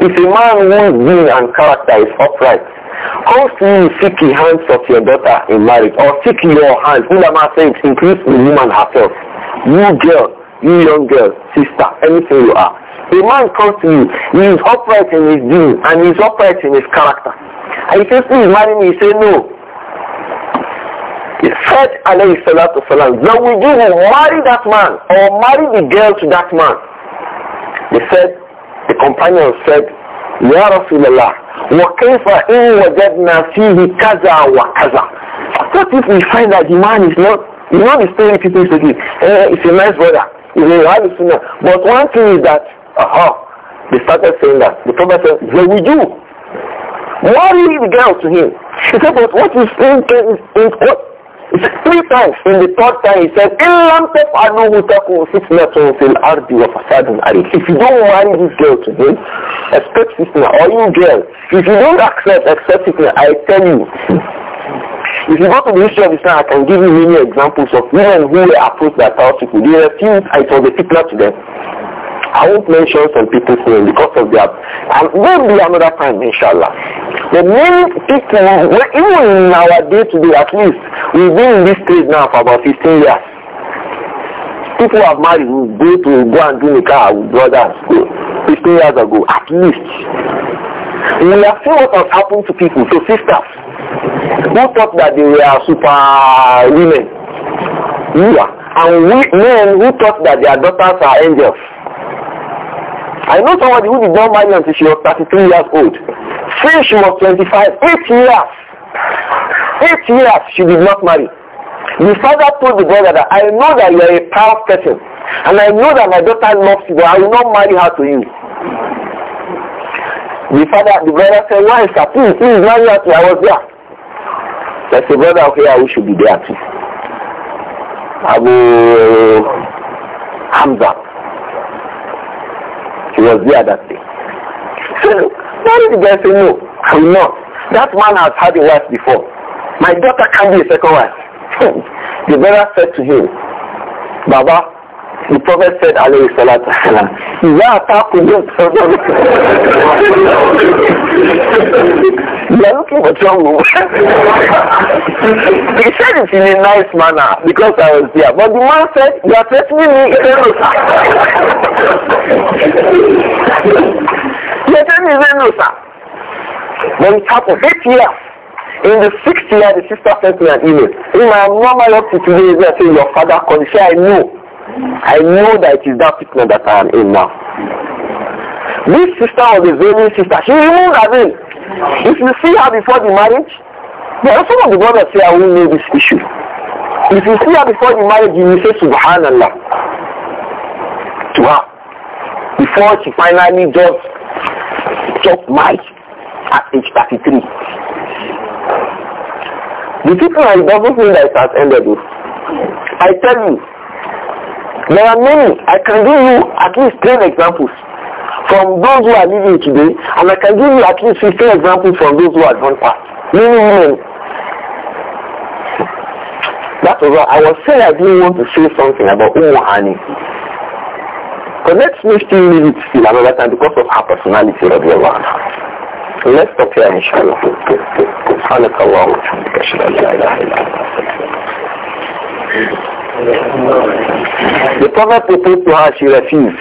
If a man whose and character is upright comes to you seeking hands of your daughter in marriage or seeking your hands, Ulama says increase the woman herself. You girl, you young girl, sister, anything you are. A man comes to you, he is upright in his deen and he is upright in his character. And he says, please marry me. he says no, he said, alayhi salatu salam, Zawwijini, marry that man, or marry the girl to that man. They said, the companion said, Ya Rasulallah, وَكَيْفَ إِنْ وَجَدْنَا فِيهِ كَذَا وَكَذَا What if we find that the man is not, you know the story people say, eh, it's a nice brother, he's a Rabi Sunnah. But one thing is that, aha, uh-huh, they started saying that. The Prophet said, Zawwiju, marry the girl to him. He said, but what is in, in, in what he said three times. In the third time, he said, إِلَّمْ تَفْعَلُوا تَكُوا فِتْنَةٌ فِي الْأَرْضِ وَفَسَادٌ عَلِيمٌ If you don't marry this girl to him, expect now. Or you girl, if you don't accept, accept now, I tell you. If you go to the history of Islam, I can give you many examples of women who were approached by power people. They refused, I told the people to them. I won't mention some people's name because of their, and maybe another time, inshallah. The many people, even in our day-to-day at least, we've been in this stage now for about 15 years. People have married, we go to go and do nikah with brothers 15 years ago, at least. We have seen what has happened to people, to sisters, who thought that they were super women. Yeah. And we men who thought that their daughters are angels. I know somebody who did not marry until she was 33 years old. Since she was 25, 8 years. 8 years she did not marry. The father told the brother that I know that you are a proud person and I know that my daughter loves you but I will not marry her to you. The father, the brother said, why sir, please, please marry her to you. I was there. I said, brother, okay, I wish you be there too. I will Hamza. He was there that day. So, what did the guy say, no, I'm not. That man has had a wife before. My daughter can be a second wife. the brother said to him, Baba, the Prophet said, alayhi salatu wasalam, Ya taqubun You are looking for trouble. he said it in a nice manner because I was there. But the man said, you are threatening me. you are threatening me, no, sir. Then it happened. Eight years. In the sixth year, the sister sent me an email. In my normal up to today, I say, your father called. She I know. I know that it is that fitna that I am in now. This sister was a very sister. She removed her veil. If you see her before the marriage, there are some of the brothers here who know this issue. If you see her before the marriage, you will say Subhanallah to her. Before she finally just just married at age 33. The people are doesn't mean that it has ended. With. I tell you, There are many. I can give you at least ten examples from those who are living today, and I can give you at least fifteen examples from those who are gone past. Many women. That was all. I was saying I didn't want to say something about Umu Hani. But let's me still leave it still another time because of her personality of the one. Let's stop here, inshallah. سبحانك اللهم وبحمدك The Prophet proposed to her, she refused.